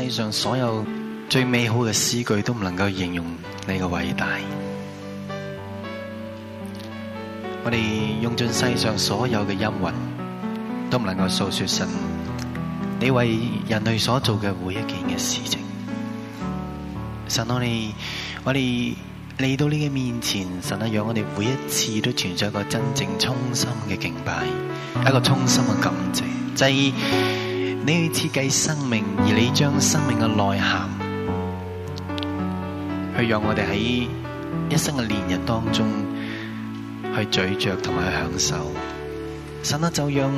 世上所有最美好嘅詩句都唔能夠形容你嘅偉大。我哋用盡世上所有嘅音韻，都唔能夠訴說神你為人類所做嘅每一件嘅事情。神我哋，我哋嚟到你嘅面前，神啊，讓我哋每一次都存在一個真正衷心嘅敬拜，一個衷心嘅感謝。就係。你去設計生命，而你將生命嘅內涵，去讓我哋喺一生嘅年日當中，去咀嚼同埋去享受。神啊，就讓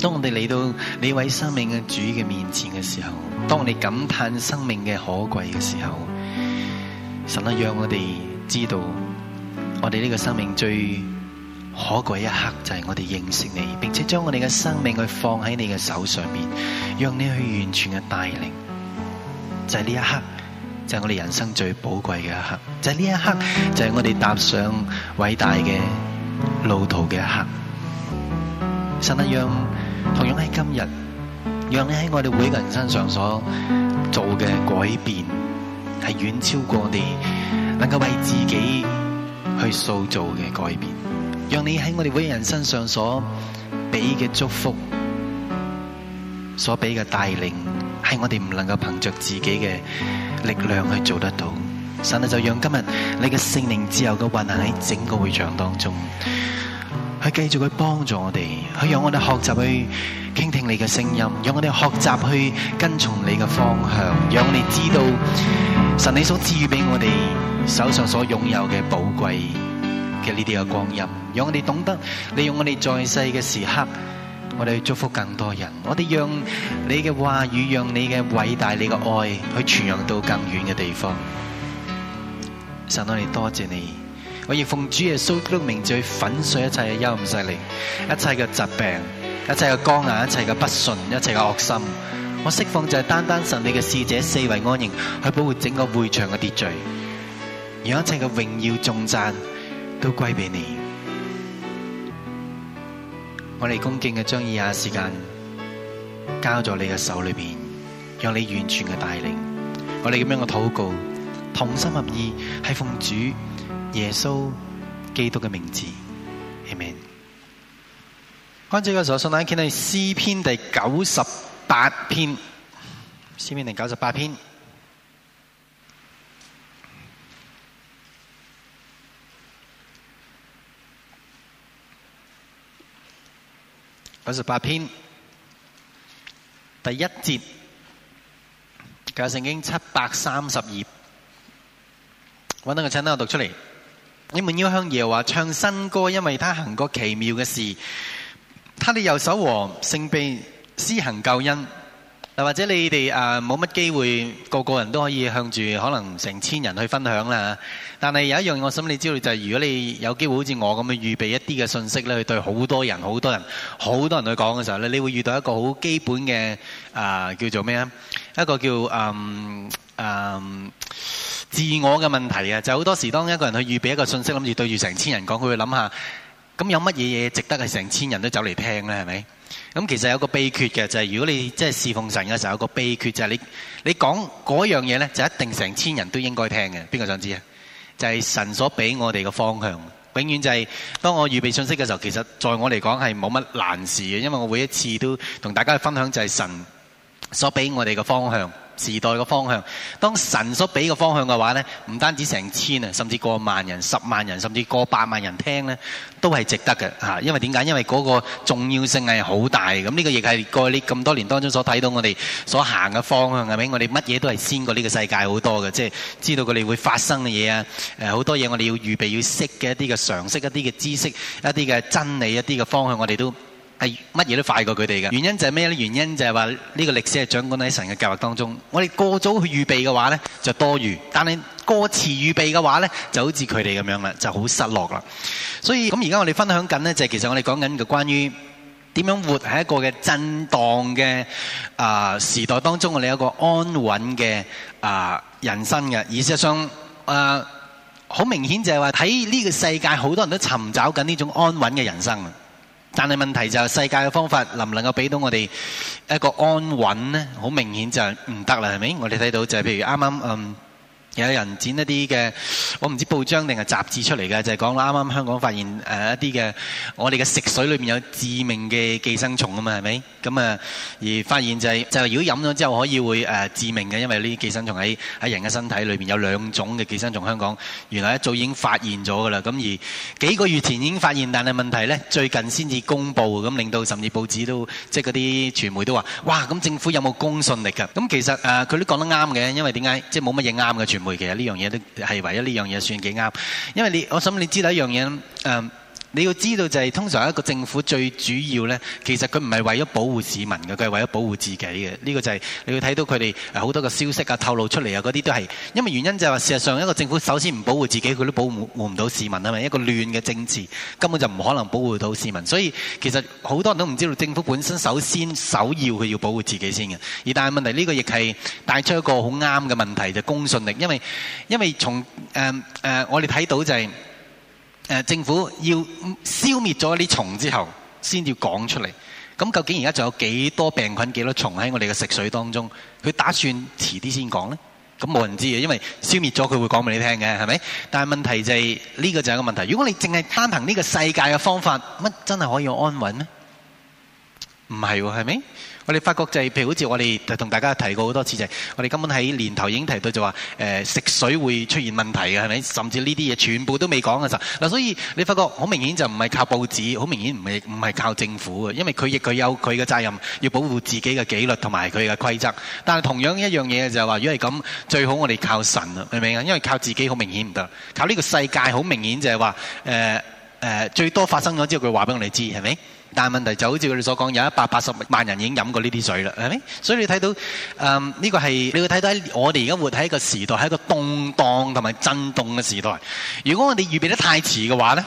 當我哋嚟到你位生命嘅主嘅面前嘅時候，當我哋感嘆生命嘅可貴嘅時候，神啊，讓我哋知道我哋呢個生命最。可、那、貴、個、一刻就係我哋認識你，並且將我哋嘅生命去放喺你嘅手上面，讓你去完全嘅帶領。就係、是、呢一刻，就係、是、我哋人生最寶貴嘅一刻。就係、是、呢一刻，就係、是、我哋踏上偉大嘅路途嘅一刻。神啊，讓同樣喺今日，讓你喺我哋每個人身上所做嘅改變，係遠超過我哋能夠為自己去塑造嘅改變。讓你喺我哋會人身上所俾嘅祝福，所俾嘅帶領，係我哋唔能夠憑着自己嘅力量去做得到。神就讓今日你嘅聖靈自由嘅運行喺整個會場當中，去繼續去幫助我哋，去讓我哋學習去傾聽你嘅聲音，讓我哋學習去跟從你嘅方向，讓我哋知道神你所賜予俾我哋手上所擁有嘅寶貴嘅呢啲嘅光陰，讓我哋懂得，利用我哋在世嘅時刻，我哋去祝福更多人。我哋讓你嘅話語，讓你嘅偉大，你嘅愛去傳揚到更遠嘅地方。神啊，我哋多謝你，我要奉主耶穌基督名最粉碎一切嘅幽暗勢力，一切嘅疾病，一切嘅光牙，一切嘅不順，一切嘅惡心。我釋放就係單單神你嘅使者四圍安營，去保護整個會場嘅秩序，讓一切嘅榮耀重讚。都歸俾你，我哋恭敬嘅將以下時間交在你嘅手裏面，讓你完全嘅帶領。我哋咁樣嘅禱告，同心合意，係奉主耶穌基督嘅名字，阿門。關注嘅時候，送大家去詩篇第九十八篇，詩篇第九十八篇。九十八篇第一節，教聖經七百三十二，揾到個襯單我讀出嚟。你們要向耶和華唱新歌，因為他行過奇妙嘅事，他的右手和聖臂施行救恩。或者你哋啊冇乜機會，個個人都可以向住可能成千人去分享啦。但係有一樣我想你知道就係、是，如果你有機會好似我咁樣預備一啲嘅信息咧，去對好多人、好多人、好多人去講嘅時候咧，你會遇到一個好基本嘅啊叫做咩啊？一個叫嗯誒、嗯、自我嘅問題啊，就好、是、多時當一個人去預備一個信息，諗住對住成千人講，佢會諗下咁有乜嘢嘢值得係成千人都走嚟聽咧，係咪？咁其實有個秘訣嘅，就係如果你即係侍奉神嘅時候，有個秘訣就係你你講嗰樣嘢咧，就一定成千人都應該聽嘅。邊個想知啊？就係神所畀我哋嘅方向，永遠就係當我預備信息嘅時候，其實在我嚟講係冇乜難事嘅，因為我每一次都同大家去分享就係神所畀我哋嘅方向。時代嘅方向，當神所俾個方向嘅話呢，唔單止成千啊，甚至過萬人、十萬人，甚至過百萬人聽呢都係值得嘅嚇。因為點解？因為嗰個重要性係好大的。咁呢個亦係過呢咁多年當中所睇到我哋所行嘅方向，係咪？我哋乜嘢都係先過呢個世界好多嘅，即係知道佢哋會發生嘅嘢啊。誒，好多嘢我哋要預備、要識嘅一啲嘅常識、一啲嘅知識、一啲嘅真理、一啲嘅方向，我哋都。係乜嘢都快過佢哋嘅原因就係咩呢？原因就係話呢個歷史係掌管喺神嘅計劃當中。我哋過早去預備嘅話呢，就多餘，但係過遲預備嘅話呢，就好似佢哋咁樣啦，就好失落啦。所以咁而家我哋分享緊呢，就係、是、其實我哋講緊嘅關於點樣活喺一個嘅震盪嘅啊、呃、時代當中我哋有一個安穩嘅啊人生嘅。而事實上誒，好明顯就係話喺呢個世界好多人都尋找緊呢種安穩嘅人生。但係問題就係世界嘅方法能唔能夠俾到我哋一個安穩呢？好明顯就係唔得啦，係咪？我哋睇到就係譬如啱啱嗯。有人剪一啲嘅，我唔知報章定係雜誌出嚟嘅，就係講啱啱香港發現誒一啲嘅，我哋嘅食水裏面有致命嘅寄生蟲啊嘛，係咪？咁啊而發現就係就係如果飲咗之後可以會誒致命嘅，因為呢啲寄生蟲喺喺人嘅身體裏面有兩種嘅寄生蟲。香港原來一早已經發現咗噶啦，咁而幾個月前已經發現，但係問題咧最近先至公布，咁令到甚至報紙都即係嗰啲傳媒都話哇！咁政府有冇公信力㗎？咁其實誒佢都講得啱嘅，因為點解即係冇乜嘢啱嘅其實呢樣嘢都係唯一，呢樣嘢算幾啱，因為你我諗你知道一樣嘢，誒、嗯。你要知道就係通常一個政府最主要呢，其實佢唔係為咗保護市民嘅，佢係為咗保護自己嘅。呢個就係你要睇到佢哋好多個消息啊、透露出嚟啊嗰啲都係，因為原因就係話事實上一個政府首先唔保護自己，佢都保護唔到市民啊嘛。一個亂嘅政治根本就唔可能保護到市民。所以其實好多人都唔知道政府本身首先首要佢要保護自己先嘅。而但係問題呢個亦係帶出一個好啱嘅問題就公信力，因為因為從誒誒我哋睇到就係。政府要消滅咗啲蟲之後，先至講出嚟。咁究竟而家仲有幾多病菌、幾多蟲喺我哋嘅食水當中？佢打算遲啲先講呢？咁冇人知嘅，因為消滅咗佢會講俾你聽嘅，係咪？但係問題就係呢個就係一個問題。如果你淨係單憑呢個世界嘅方法，乜真係可以安穩呢？唔係喎，係咪？我哋發覺就係，譬如好似我哋同大家提過好多次，就係我哋根本喺年頭已經提到就話，呃，食水會出現問題嘅，係咪？甚至呢啲嘢全部都未講嘅時候。嗱，所以你發覺好明顯就唔係靠報紙，好明顯唔係唔係靠政府嘅，因為佢亦佢有佢嘅責任要保護自己嘅紀律同埋佢嘅規則。但係同樣一樣嘢就係話，如果係咁，最好我哋靠神啊，明唔明啊？因為靠自己好明顯唔得，靠呢個世界好明顯就係話，呃呃，最多發生咗之後，佢話俾我哋知係咪？但係問題就好似佢哋所講，有一百八十萬人已經飲過呢啲水啦，係咪？所以你睇到誒，呢個係你會睇到喺我哋而家活喺一個時代，喺一個動盪同埋震動嘅時代。如果我哋預備得太遲嘅話呢，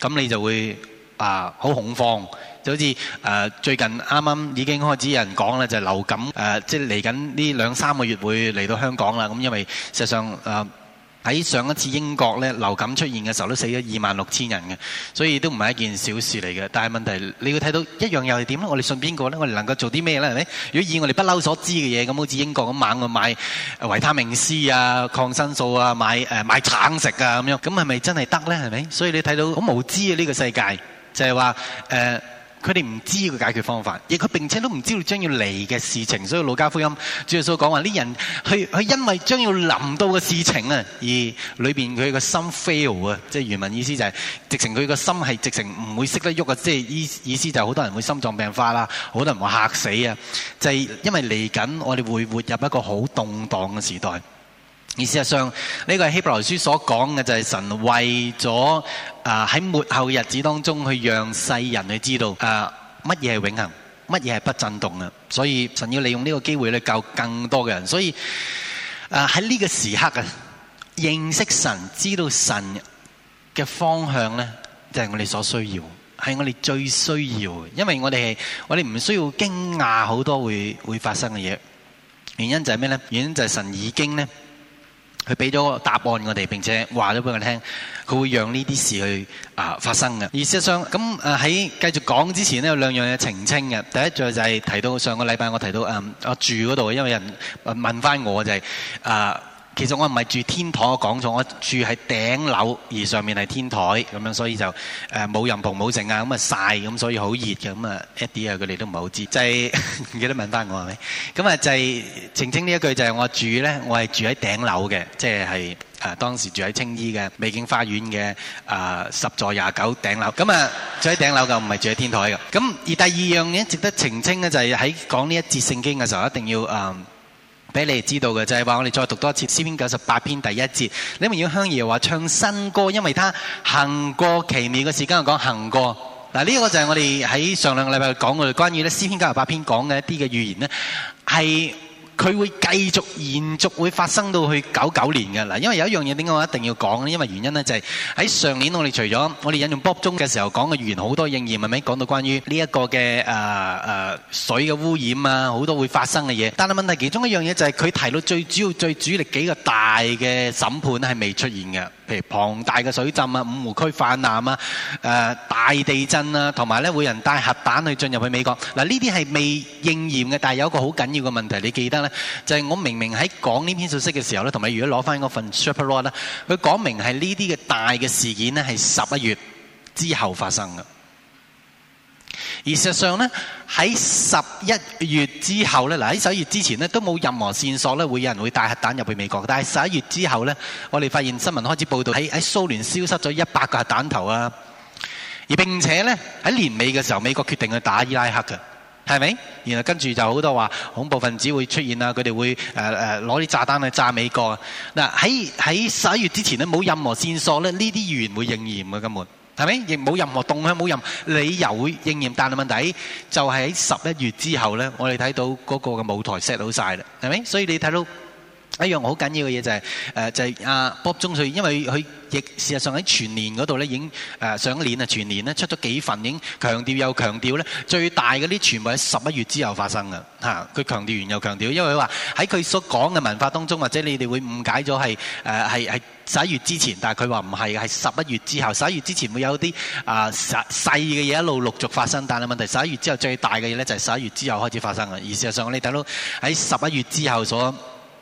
咁你就會啊，好恐慌，就好似誒最近啱啱已經開始有人講啦，就流感誒，即係嚟緊呢兩三個月會嚟到香港啦。咁因為實際上誒。喺上一次英國咧流感出現嘅時候，都死咗二萬六千人嘅，所以都唔係一件小事嚟嘅。但係問題是你要睇到一樣又係點咧？我哋信邊個咧？我哋能夠做啲咩咧？係咪？如果以我哋不嬲所知嘅嘢，咁好似英國咁猛去買維他命 C 啊、抗生素啊、買誒、呃、買橙食啊咁樣，咁係咪真係得咧？係咪？所以你睇到好無知啊！呢個世界就係、是、話誒佢哋唔知個解決方法，亦佢並且都唔知道將要嚟嘅事情，所以《路加福音》主耶穌所講話：呢人去去因為將要臨到嘅事情啊，而裏面佢個心 fail 啊，即係原文意思就係、是、直情佢個心係直情唔會識得喐啊！即係意思就係好多人會心臟病發啦，好多人會嚇死啊！就係、是、因為嚟緊，我哋會活入一個好動蕩嘅時代。而事實上，呢個係希伯來書所講嘅，就係神為咗啊喺末後日子當中去讓世人去知道啊乜嘢係永恆，乜嘢係不震動啊，所以神要利用呢個機會去教更多嘅人。所以啊喺呢個時刻啊，認識神、知道神嘅方向呢，就係我哋所需要，係我哋最需要嘅。因為我哋我哋唔需要驚訝好多會會發生嘅嘢，原因就係咩呢？原因就係神已經呢。佢俾咗答案我哋，並且話咗俾我聽，佢會讓呢啲事去啊發生嘅。而事實上，咁誒喺繼續講之前呢，有兩樣嘢澄清嘅。第一就係、是、提到上個禮拜我提到誒、呃、我住嗰度，因為人問翻我就係、是、啊。呃其實我唔係住天台，我講錯，我住喺頂樓，而上面係天台咁樣，所以就誒冇、呃、任同冇剩啊，咁啊晒，咁，所以好熱嘅咁啊一啲啊佢哋都唔係好知，就係、是、 記得問翻我係咪？咁啊就係、是、澄清呢一句，就係、是、我住咧，我係住喺頂樓嘅，即係係啊當時住喺青衣嘅美景花園嘅啊十座廿九頂樓。咁啊住喺頂樓嘅唔係住喺天台嘅。咁而第二樣嘢值得澄清嘅就係喺講呢一節聖經嘅時候，一定要、呃俾你們知道嘅就係話，我哋再讀多一次詩篇九十八篇第一節。你們要向耶和華唱新歌，因為他行過奇妙嘅事。今又講行過嗱，呢、這個就係我哋喺上兩個禮拜講嘅，關於咧詩篇九十八篇講嘅一啲嘅語言咧，係。佢會繼續延續會發生到去九九年㗎喇，因為有一樣嘢點解我一定要講，因為原因呢就係喺上年我哋除咗我哋引用 Bob 中嘅時候講嘅語言，好多應驗，係咪講到關於呢一個嘅呃，呃水嘅污染啊，好多會發生嘅嘢。但係問題其中一樣嘢就係佢提到最主要最主力幾個大嘅審判係未出現㗎。譬如龐大嘅水浸啊，五湖區泛濫啊，誒、呃、大地震啊，同埋咧會人帶核彈去進入去美國。嗱，呢啲係未應驗嘅，但係有一個好緊要嘅問題，你記得咧，就係、是、我明明喺講呢篇信息嘅時候咧，同埋如果攞翻嗰份 supplement 咧，佢講明係呢啲嘅大嘅事件咧係十一月之後發生嘅。而事實上呢，喺十一月之後呢，嗱，喺十一月之前呢都冇任何線索呢會有人會帶核彈入去美國，但係十一月之後呢，我哋發現新聞開始報道喺喺蘇聯消失咗一百個核彈頭啊！而並且呢喺年尾嘅時候，美國決定去打伊拉克嘅，係咪？然後跟住就好多話恐怖分子會出現啊，佢哋會誒誒攞啲炸彈去炸美國啊！嗱、呃，喺喺十一月之前呢冇任何線索咧，呢啲預言會應驗嘅根本。係咪？亦冇任何動向，冇任何理由會應驗，但係問題就係喺十一月之後呢，我哋睇到嗰個嘅舞台 set 好曬啦，係咪？所以你睇到。一樣好緊要嘅嘢就係、是、誒就係、是、阿 Bob 中瑞，因為佢亦事實上喺全年嗰度咧，已經誒上年啊全年咧出咗幾份，已經強調又強調咧，最大嗰啲全部喺十一月之後發生嘅。佢強調完又強調，因為佢話喺佢所講嘅文化當中，或者你哋會誤解咗係誒係係十一月之前，但係佢話唔係，係十一月之後。十一月之前會有啲啊細嘅嘢一路陸續發生，但係問題十一月之後最大嘅嘢咧就係十一月之後開始發生嘅。而事實上，我哋睇到喺十一月之後所。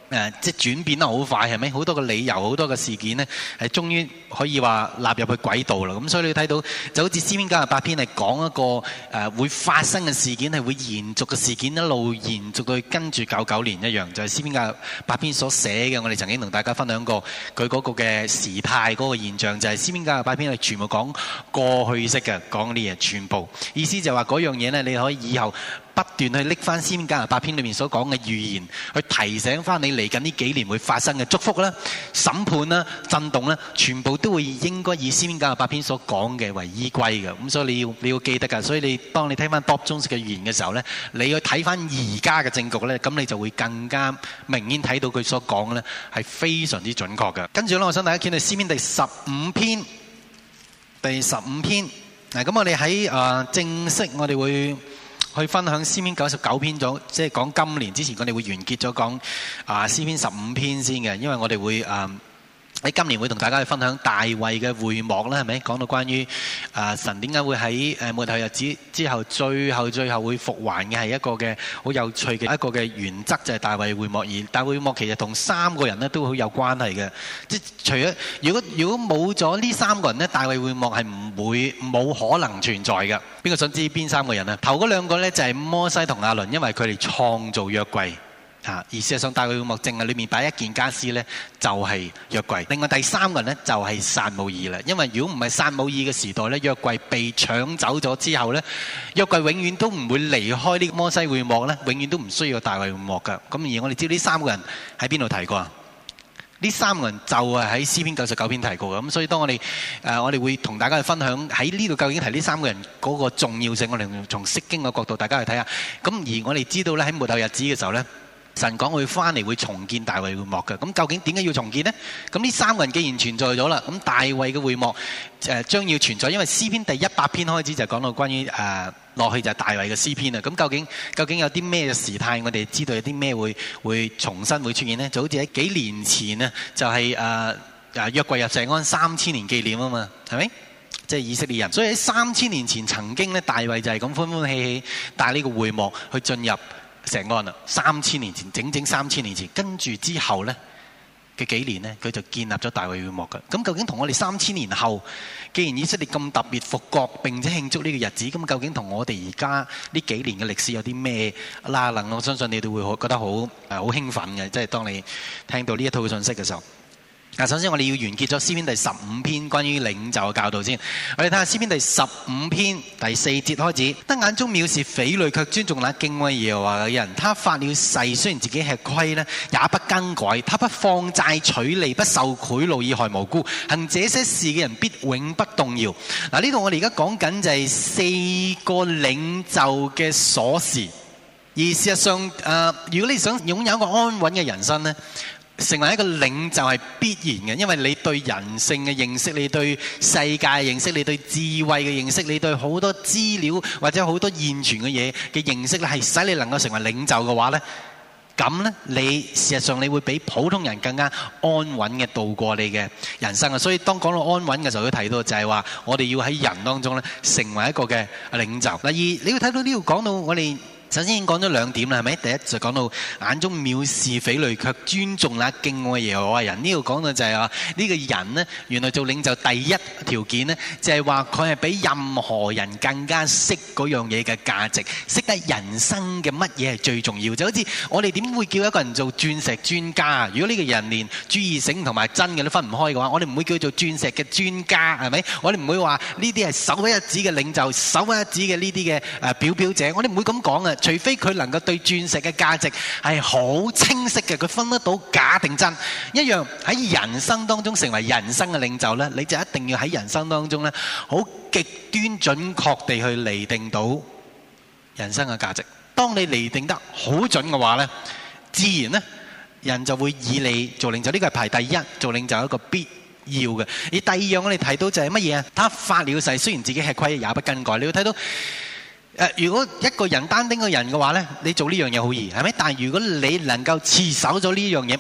誒、呃，即係轉變得好快，係咪？好多個理由，好多個事件呢，係終於可以話納入去軌道啦。咁、呃、所以你睇到，就好似詩篇嘅八篇係講一個誒、呃、會發生嘅事件，係會延續嘅事件一路延續到跟住九九年一樣，就係、是、詩篇八篇所寫嘅。我哋曾經同大家分享過佢嗰個嘅時態嗰、那個現象，就係、是、詩篇嘅八篇係全部講過去式嘅，講嗰啲嘢全部意思就話嗰樣嘢呢，你可以以後。不斷去拎翻《詩篇加八篇》裏面所講嘅預言，去提醒翻你嚟緊呢幾年會發生嘅祝福啦、審判啦、震動啦，全部都會應該以《詩篇加八篇》所講嘅為依歸嘅。咁所以你要你要記得㗎。所以你當你聽翻 Bob 中式嘅預言嘅時候呢，你去睇翻而家嘅政局呢，咁你就會更加明顯睇到佢所講呢係非常之準確嘅。跟住呢我想大家見到《詩篇》第十五篇，第十五篇咁、啊、我哋喺、呃、正式我哋會。去分享詩篇九十九篇咗，即係講今年之前，我哋會完結咗講啊詩篇十五篇先嘅，因為我哋會啊。呃今年會同大家去分享大衛嘅會幕，係咪？講到關於，神點解會喺末後日子之後，最後最後會復還嘅，係一個嘅，好有趣嘅，一個嘅原則，就係大衛會幕，而大衛會幕其實同三個人呢，都好有關係嘅。即除咗，如果，如果冇咗呢三個人呢，大衛會幕係唔會，冇可能存在㗎。邊個想知邊三個人呢？頭嗰兩個呢，就係摩西同亞倫，因為佢哋創造約櫃。啊！而事實上，大衛幕正嘅裏面擺一件傢俬咧，就係約櫃。另外第三個人咧就係撒母耳啦。因為如果唔係撒母耳嘅時代咧，約櫃被搶走咗之後咧，約櫃永遠都唔會離開呢個摩西會幕咧，永遠都唔需要大衛會幕嘅。咁而我哋知呢三個人喺邊度提過啊？呢三個人就係喺詩篇九十九篇提過嘅。咁所以當我哋誒我哋會同大家去分享喺呢度究竟提呢三個人嗰個重要性，我哋從釋經嘅角度大家去睇下。咁而我哋知道咧喺末後日子嘅時候咧。神講會翻嚟，會重建大衛會幕嘅。咁究竟點解要重建呢？咁呢三個人既然存在咗啦，咁大衛嘅會幕誒、呃、將要存在，因為詩篇第一百篇開始就講到關於誒落、呃、去就大衛嘅詩篇啦。咁究竟究竟有啲咩時態，我哋知道有啲咩會會重新會出現呢？就好似喺幾年前呢，就係誒誒約櫃入錫安三千年紀念啊嘛，係咪？即、就、係、是、以色列人。所以喺三千年前曾經呢，大衛就係咁歡歡喜喜帶呢個會幕去進入。成安啊，三千年前，整整三千年前，跟住之後呢，嘅幾年呢，佢就建立咗大衛會幕嘅。咁究竟同我哋三千年後，既然以色列咁特別復國並且慶祝呢個日子，咁究竟同我哋而家呢幾年嘅歷史有啲咩拉楞？啊、能我相信你哋會覺得好好興奮嘅，即係當你聽到呢一套信息嘅時候。嗱，首先我哋要完結咗詩篇第十五篇關於領袖嘅教導先。我哋睇下詩篇第十五篇第四節開始，得眼中藐視匪類，卻尊重那敬畏耶和華嘅人。他發了誓，雖然自己吃虧也不更改；他不放債取利，不受賄賂，以害無辜。行這些事嘅人，必永不動搖。嗱，呢度我哋而家講緊就係四個領袖嘅鎖匙。而事實上，呃，如果你想擁有一個安穩嘅人生呢。成為一個領袖係必然嘅，因為你對人性嘅認識，你對世界嘅認識，你對智慧嘅認識，你對好多資料或者好多現存嘅嘢嘅認識咧，係使你能夠成為領袖嘅話咧，咁咧你事實上你會比普通人更加安穩嘅度過你嘅人生啊！所以當講到安穩嘅時候，要睇到就係話我哋要喺人當中咧，成為一個嘅領袖。嗱，二你要睇到呢度講到我哋。首先講咗兩點啦，係咪？第一就講到眼中藐視匪類，卻尊重啦敬畏耶和華嘅人呢度講到就係啊，呢個人呢，原來做領袖第一條件呢，就係話佢係比任何人更加識嗰樣嘢嘅價值，識得人生嘅乜嘢係最重要。就好似我哋點會叫一個人做鑽石專家啊？如果呢個人連注意性同埋真嘅都分唔開嘅話，我哋唔會叫做鑽石嘅專家，係咪？我哋唔會話呢啲係首屈一指嘅領袖，首屈一指嘅呢啲嘅誒表表者，我哋唔會咁講嘅。除非佢能夠對鑽石嘅價值係好清晰嘅，佢分得到假定真一樣。喺人生當中成為人生嘅領袖呢，你就一定要喺人生當中呢，好極端準確地去釐定到人生嘅價值。當你釐定得好準嘅話呢，自然呢，人就會以你做領袖。呢個係排第一做領袖係一個必要嘅。而第二樣我哋睇到就係乜嘢啊？他發了誓，雖然自己吃虧也不更改。你會睇到。呃、如果一個人單丁個人嘅話呢，你做呢樣嘢好易，係咪？但如果你能夠持守咗呢樣嘢，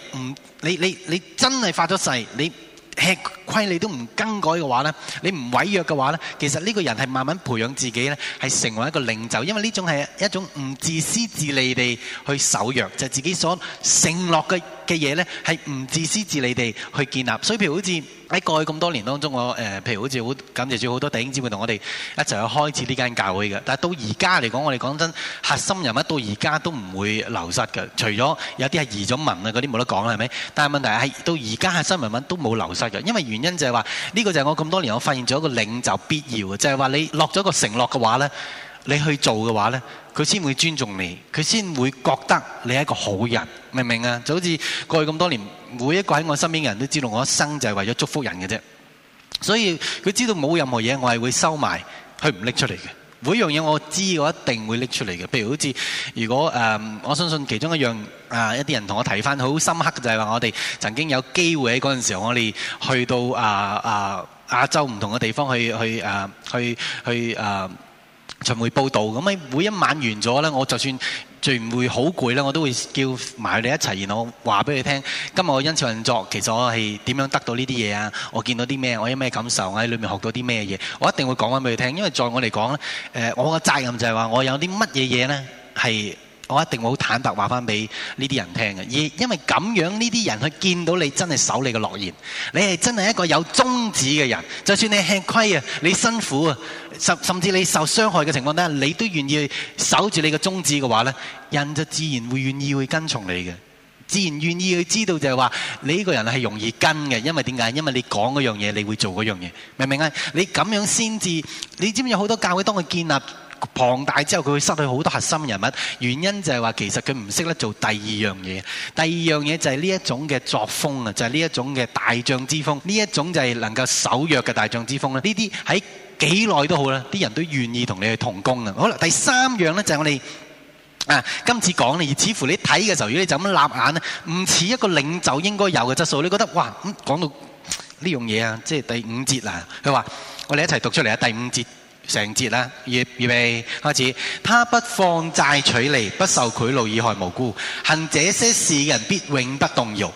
你你你真係發咗誓，你吃虧你都唔更改嘅話呢，你唔毀約嘅話呢，其實呢個人係慢慢培養自己咧，係成為一個領袖，因為呢種係一種唔自私自利地去守約，就係自己所承諾嘅。嘅嘢呢，係唔自私自利地去建立。所以譬如好似喺過去咁多年當中，我、呃、譬如好似好感謝住好多弟兄姊妹同我哋一齊去開始呢間教會嘅。但係到而家嚟講，我哋講真核心人物到而家都唔會流失嘅。除咗有啲係移咗民啊，嗰啲冇得講啦，係咪？但係問題係到而家核心人物都冇流失嘅，因為原因就係話呢個就係我咁多年我發現咗一個領袖必要嘅，就係話你落咗個承諾嘅話呢，你去做嘅話呢，佢先會尊重你，佢先會覺得你係一個好人。明唔明啊？就好似過去咁多年，每一個喺我身邊嘅人都知道，我一生就係為咗祝福人嘅啫。所以佢知道冇任何嘢，我係會收埋，佢唔拎出嚟嘅。每樣嘢我知，我一定會拎出嚟嘅。譬如好似如果誒、呃，我相信其中一樣啊、呃，一啲人同我提返好深刻嘅，就係話我哋曾經有機會喺嗰陣時候，我哋去到啊啊亞洲唔同嘅地方去去誒、呃、去去誒。呃巡迴報導咁，喺每一晚完咗咧，我就算聚會好攰咧，我都會叫埋你一齊，然後話俾佢聽，今日我因次運作，其實我係點樣得到呢啲嘢啊？我見到啲咩？我有咩感受？我喺裏面學到啲咩嘢？我一定會講翻俾佢聽，因為在我嚟講咧，誒，我個責任就係話，我有啲乜嘢嘢咧係。我一定會好坦白話翻俾呢啲人聽嘅，而因為咁樣呢啲人去見到你真係守你嘅諾言，你係真係一個有宗旨嘅人。就算你吃虧啊，你辛苦啊，甚甚至你受傷害嘅情況底下，你都願意守住你嘅宗旨嘅話呢，人就自然會願意去跟從你嘅，自然願意去知道就係話你呢個人係容易跟嘅。因為點解？因為你講嗰樣嘢，你會做嗰樣嘢，明唔明啊？你咁樣先至，你知唔知有好多教會當佢建立？龐大之後佢會失去好多核心人物，原因就係話其實佢唔識得做第二樣嘢，第二樣嘢就係呢一種嘅作風啊，就係、是、呢一種嘅大將之風，呢一種就係能夠守約嘅大將之風咧。呢啲喺幾耐都好啦，啲人都願意同你去同工啊。好啦，第三樣呢，就係我哋啊，今次講你似乎你睇嘅時候，如果你就咁立眼咧，唔似一個領袖應該有嘅質素，你覺得哇咁講到呢樣嘢啊，即係第五節啦。佢、啊、話我哋一齊讀出嚟啊，第五節。成節啦，預預備開始。他不放債取利，不受賄賂，以害無辜。行這些事嘅人，必永不動搖。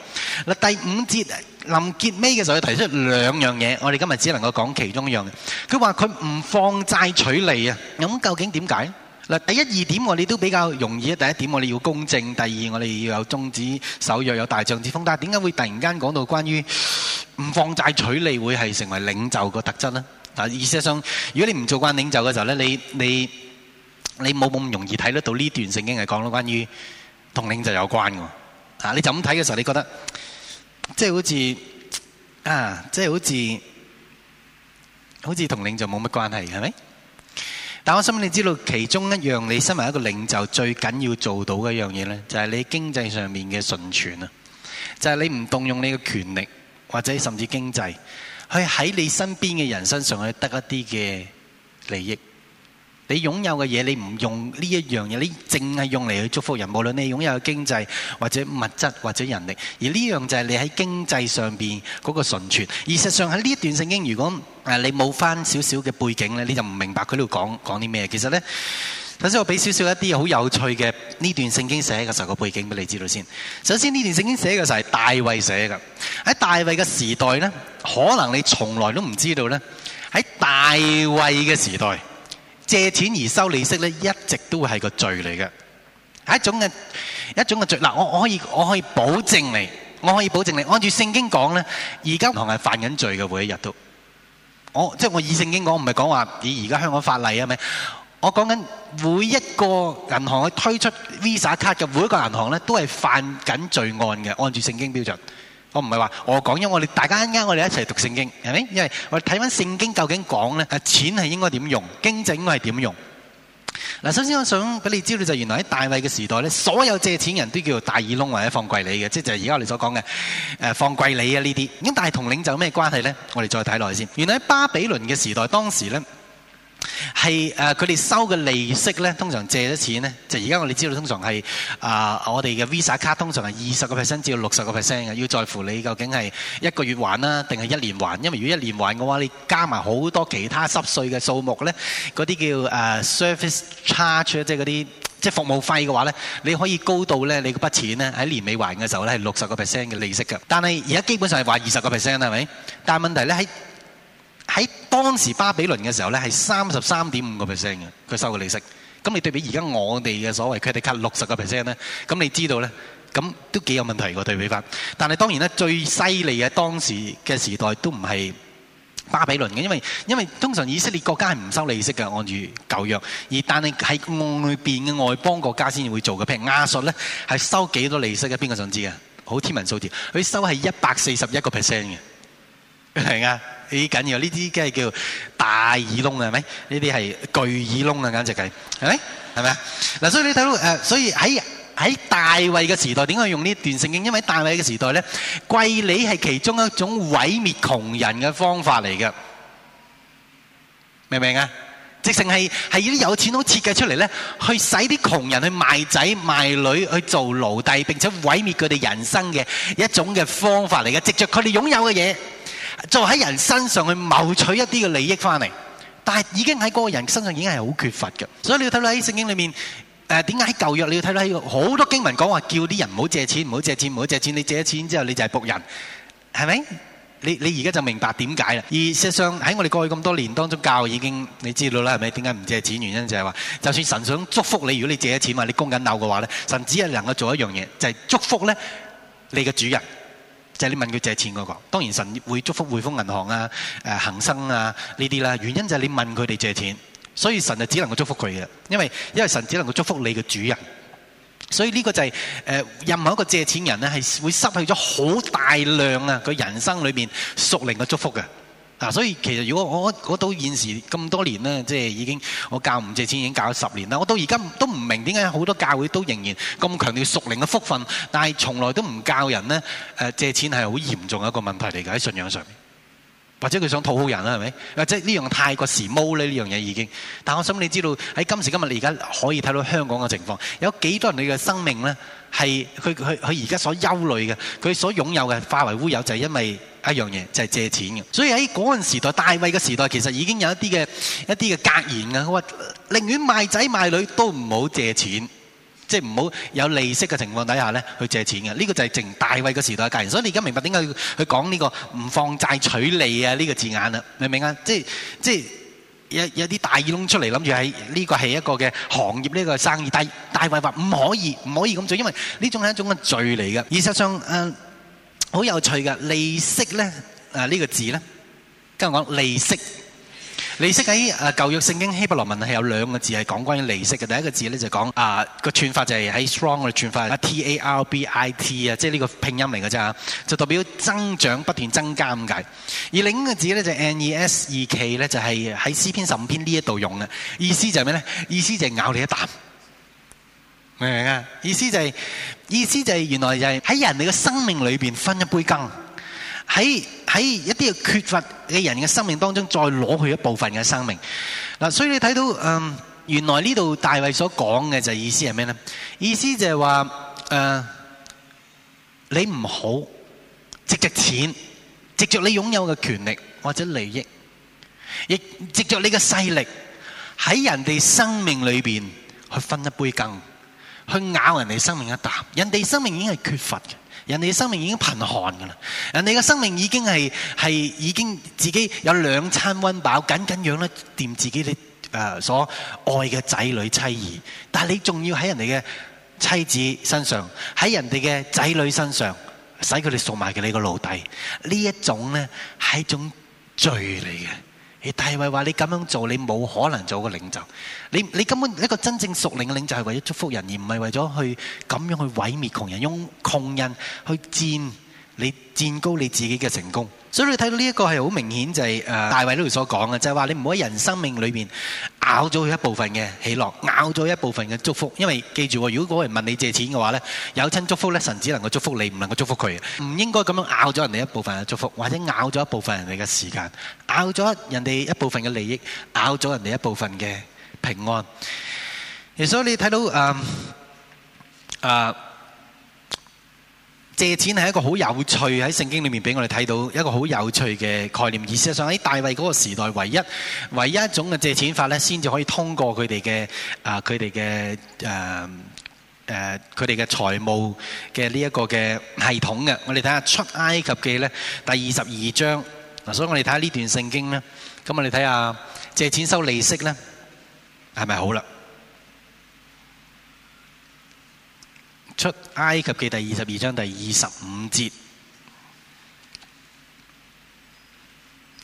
嗱，第五節臨結尾嘅時候，佢提出兩樣嘢，我哋今日只能夠講其中一樣嘅。佢話佢唔放債取利啊，咁究竟點解？嗱，第一二點我哋都比較容易。第一點我哋要公正，第二我哋要有宗旨守約，有大將之風。但係點解會突然間講到關於唔放債取利會係成為領袖個特質呢？啊！意思上，如果你唔做慣領袖嘅時候咧，你你你冇咁容易睇得到呢段聖經係講到關於同領袖有關嘅。啊，你就咁睇嘅時候，你覺得即係好似啊，即係好似好似同領袖冇乜關係，係咪？但我心你知道其中一樣，你身為一個領袖最緊要做到嘅一樣嘢咧，就係你經濟上面嘅順存啊，就係你唔動用你嘅權力或者甚至經濟。去喺你身邊嘅人身上去得一啲嘅利益，你擁，你擁有嘅嘢，你唔用呢一樣嘢，你淨係用嚟去祝福人。無論你擁有嘅經濟或者物質或者人力，而呢樣就係你喺經濟上面嗰個純全。而實實上喺呢一段聖經，如果你冇翻少少嘅背景咧，你就唔明白佢度講講啲咩。其實咧。首先，我俾少少一啲好有趣嘅呢段聖經寫嘅時候個背景俾你知道先。首先，呢段聖經寫嘅時候係大衛寫嘅。喺大衛嘅時代呢，可能你從來都唔知道呢，喺大衛嘅時代，借錢而收利息呢，一直都係個罪嚟嘅，係一種嘅一種嘅罪。嗱，我我可以我可以保證你，我可以保證你，按照聖經講呢，而家同係犯緊罪嘅，每一日都。我即係我以聖經講，唔係講話以而家香港法例啊咩。我講緊每一個銀行去推出 Visa 卡嘅，每一個銀行咧都係犯緊罪案嘅。按住聖經標準，我唔係話我講，因為我哋大家啱我哋一齊讀聖經，係咪？因為我哋睇翻聖經究竟講咧，錢係應該點用，經濟應該係點用？嗱，首先我想俾你知道就原來喺大衛嘅時代咧，所有借錢人都叫做大耳窿或者放貴利嘅，即係就係而家我哋所講嘅誒放貴利啊呢啲。咁但係同領袖有咩關係咧？我哋再睇落去先。原來喺巴比倫嘅時代，當時咧。係誒，佢、呃、哋收嘅利息呢，通常借咗錢呢。就而家我哋知道通常係啊、呃，我哋嘅 Visa 卡通常係二十個 percent 至到六十個 percent 嘅，要在乎你究竟係一個月還啦，定係一年還？因為如果一年還嘅話，你加埋好多其他濕碎嘅數目呢，嗰啲叫誒、呃、service charge，即係嗰啲即係服務費嘅話呢，你可以高到的呢，你嗰筆錢咧喺年尾還嘅時候呢，係六十個 percent 嘅利息嘅。但係而家基本上係話二十個 percent 係咪？但係問題呢，喺，喺當時巴比倫嘅時候咧，係三十三點五個 percent 嘅，佢收嘅利息。咁你對比而家我哋嘅所謂，佢哋卡六十個 percent 咧，咁你知道咧，咁都幾有問題個對比翻。但係當然咧，最犀利嘅當時嘅時代都唔係巴比倫嘅，因為因為通常以色列國家係唔收利息嘅，按住舊約。而但係喺外邊嘅外邦國家先至會做嘅，譬如亞述咧係收幾多利息嘅？邊個想知嘅？好天文數字，佢收係一百四十一個 percent 嘅，係啊。最緊要呢啲梗係叫大耳窿啊，係咪？呢啲係巨耳窿啊，簡直係係咪？係咪啊？嗱，所以你睇到誒，所以喺喺大衛嘅時代，點解用呢段聖經？因為大衛嘅時代咧，貴利係其中一種毀滅窮人嘅方法嚟嘅，明唔明啊？直情係係啲有錢佬設計出嚟咧，去使啲窮人去賣仔賣女去做奴隸，並且毀滅佢哋人生嘅一種嘅方法嚟嘅，藉著佢哋擁有嘅嘢。就喺人身上去謀取一啲嘅利益翻嚟，但係已經喺個人身上已經係好缺乏嘅，所以你要睇到喺聖經裏面，誒點解喺舊約你要睇到喺好多經文講話叫啲人唔好借錢，唔好借錢，唔好借錢。你借咗錢之後你就係僕人，係咪？你你而家就明白點解啦？而事實上喺我哋過去咁多年當中教已經你知道啦，係咪？點解唔借錢？原因就係話，就算神想祝福你，如果你借咗錢嘛，你供緊樓嘅話咧，神只係能夠做一樣嘢，就係祝福咧你嘅主人。就係你問佢借錢嗰個，當然神會祝福匯豐銀行啊、誒恆生啊呢啲啦。原因就係你問佢哋借錢，所以神就只能夠祝福佢嘅，因為因為神只能夠祝福你嘅主人。所以呢個就係誒任何一個借錢人咧，係會失去咗好大量啊佢人生裏面屬靈嘅祝福嘅。嗱、啊，所以其實如果我，我到現時咁多年呢，即係已經我教唔借錢已經教咗十年啦。我到而家都唔明點解好多教會都仍然咁強調屬靈嘅福分，但係從來都唔教人呢、啊、借錢係好嚴重嘅一個問題嚟㗎喺信仰上面，或者佢想討好人啦係咪？或者呢樣太過時髦呢？呢樣嘢已經。但我想你知道喺今時今日你而家可以睇到香港嘅情況，有幾多人你嘅生命呢係佢佢佢而家所憂慮嘅，佢所擁有嘅化為烏有就係、是、因為。一樣嘢就係借錢嘅，所以喺嗰陣時代，大衛嘅時代其實已經有一啲嘅一啲嘅格言嘅。佢話寧願賣仔賣女都唔好借錢，即係唔好有利息嘅情況底下咧去借錢嘅。呢個就係淨大衛嘅時代嘅格言。所以你而家明白點解佢講呢個唔放債取利啊呢個字眼啦？明唔明啊？即係即係有有啲大耳窿出嚟諗住喺呢個係一個嘅行業，呢個生意，但大衛話唔可以唔可以咁做，因為呢種係一種嘅罪嚟嘅。而實上誒。呃好有趣噶，利息咧，啊呢、這個字咧，跟住我講利息，利息喺啊，舊約聖經希伯來文係有兩個字係講關於利息嘅。第一個字咧就講啊個串法就係喺 strong 嘅串法啊 t a r b i t 啊，即係呢個拼音嚟嘅啫嚇，就代表增長不斷增加咁解。而另一個字咧就 n e s 二期咧就係喺詩篇十五篇呢一度用嘅，意思就係咩咧？意思就係咬你一啖。明唔明啊？意思就係、是、意思就係，原來就係喺人哋嘅生命裏邊分一杯羹。喺喺一啲嘅缺乏嘅人嘅生命當中，再攞佢一部分嘅生命。嗱，所以你睇到嗯、呃，原來呢度大衛所講嘅就係意思係咩呢？意思就係話誒，你唔好藉著錢，藉着你擁有嘅權力或者利益，亦藉着你嘅勢力喺人哋生命裏邊去分一杯羹。去咬人哋生命一啖，人哋生命已經係缺乏嘅，人哋生命已經貧寒噶啦，人哋嘅生命已經係係已經自己有兩餐溫飽僅僅養得掂自己啲誒所愛嘅仔女妻兒，但係你仲要喺人哋嘅妻子身上，喺人哋嘅仔女身上，使佢哋送埋嘅你個奴隸呢，一種咧係一種罪嚟嘅。大衞話你這樣做，你冇可能做個領袖。你你根本一個真正屬靈領袖係為咗祝福人，而唔係為咗去咁樣去毀滅窮人，用窮人去戰你，戰高你自己嘅成功。所以你睇到呢一個係好明顯就係誒大衛呢位所講嘅，就係話你唔好喺人生命裏面咬咗佢一部分嘅喜樂，咬咗一部分嘅祝福。因為記住，如果嗰個人問你借錢嘅話咧，有親祝福咧，神只能夠祝福你，唔能夠祝福佢。唔應該咁樣咬咗人哋一部分嘅祝福，或者咬咗一部分人哋嘅時間，咬咗人哋一部分嘅利益，咬咗人哋一部分嘅平安。其實所以你睇到誒啊。借錢係一個好有趣喺聖經裏面俾我哋睇到一個好有趣嘅概念，而事實上喺大衛嗰個時代，唯一唯一一種嘅借錢法咧，先至可以通過佢哋嘅啊佢哋嘅誒誒佢哋嘅財務嘅呢一個嘅系統嘅。我哋睇下出埃及記咧第二十二章嗱，所以我哋睇下呢段聖經咧，咁我哋睇下借錢收利息咧，係咪好啦？出埃及記第二十二章第二十五節，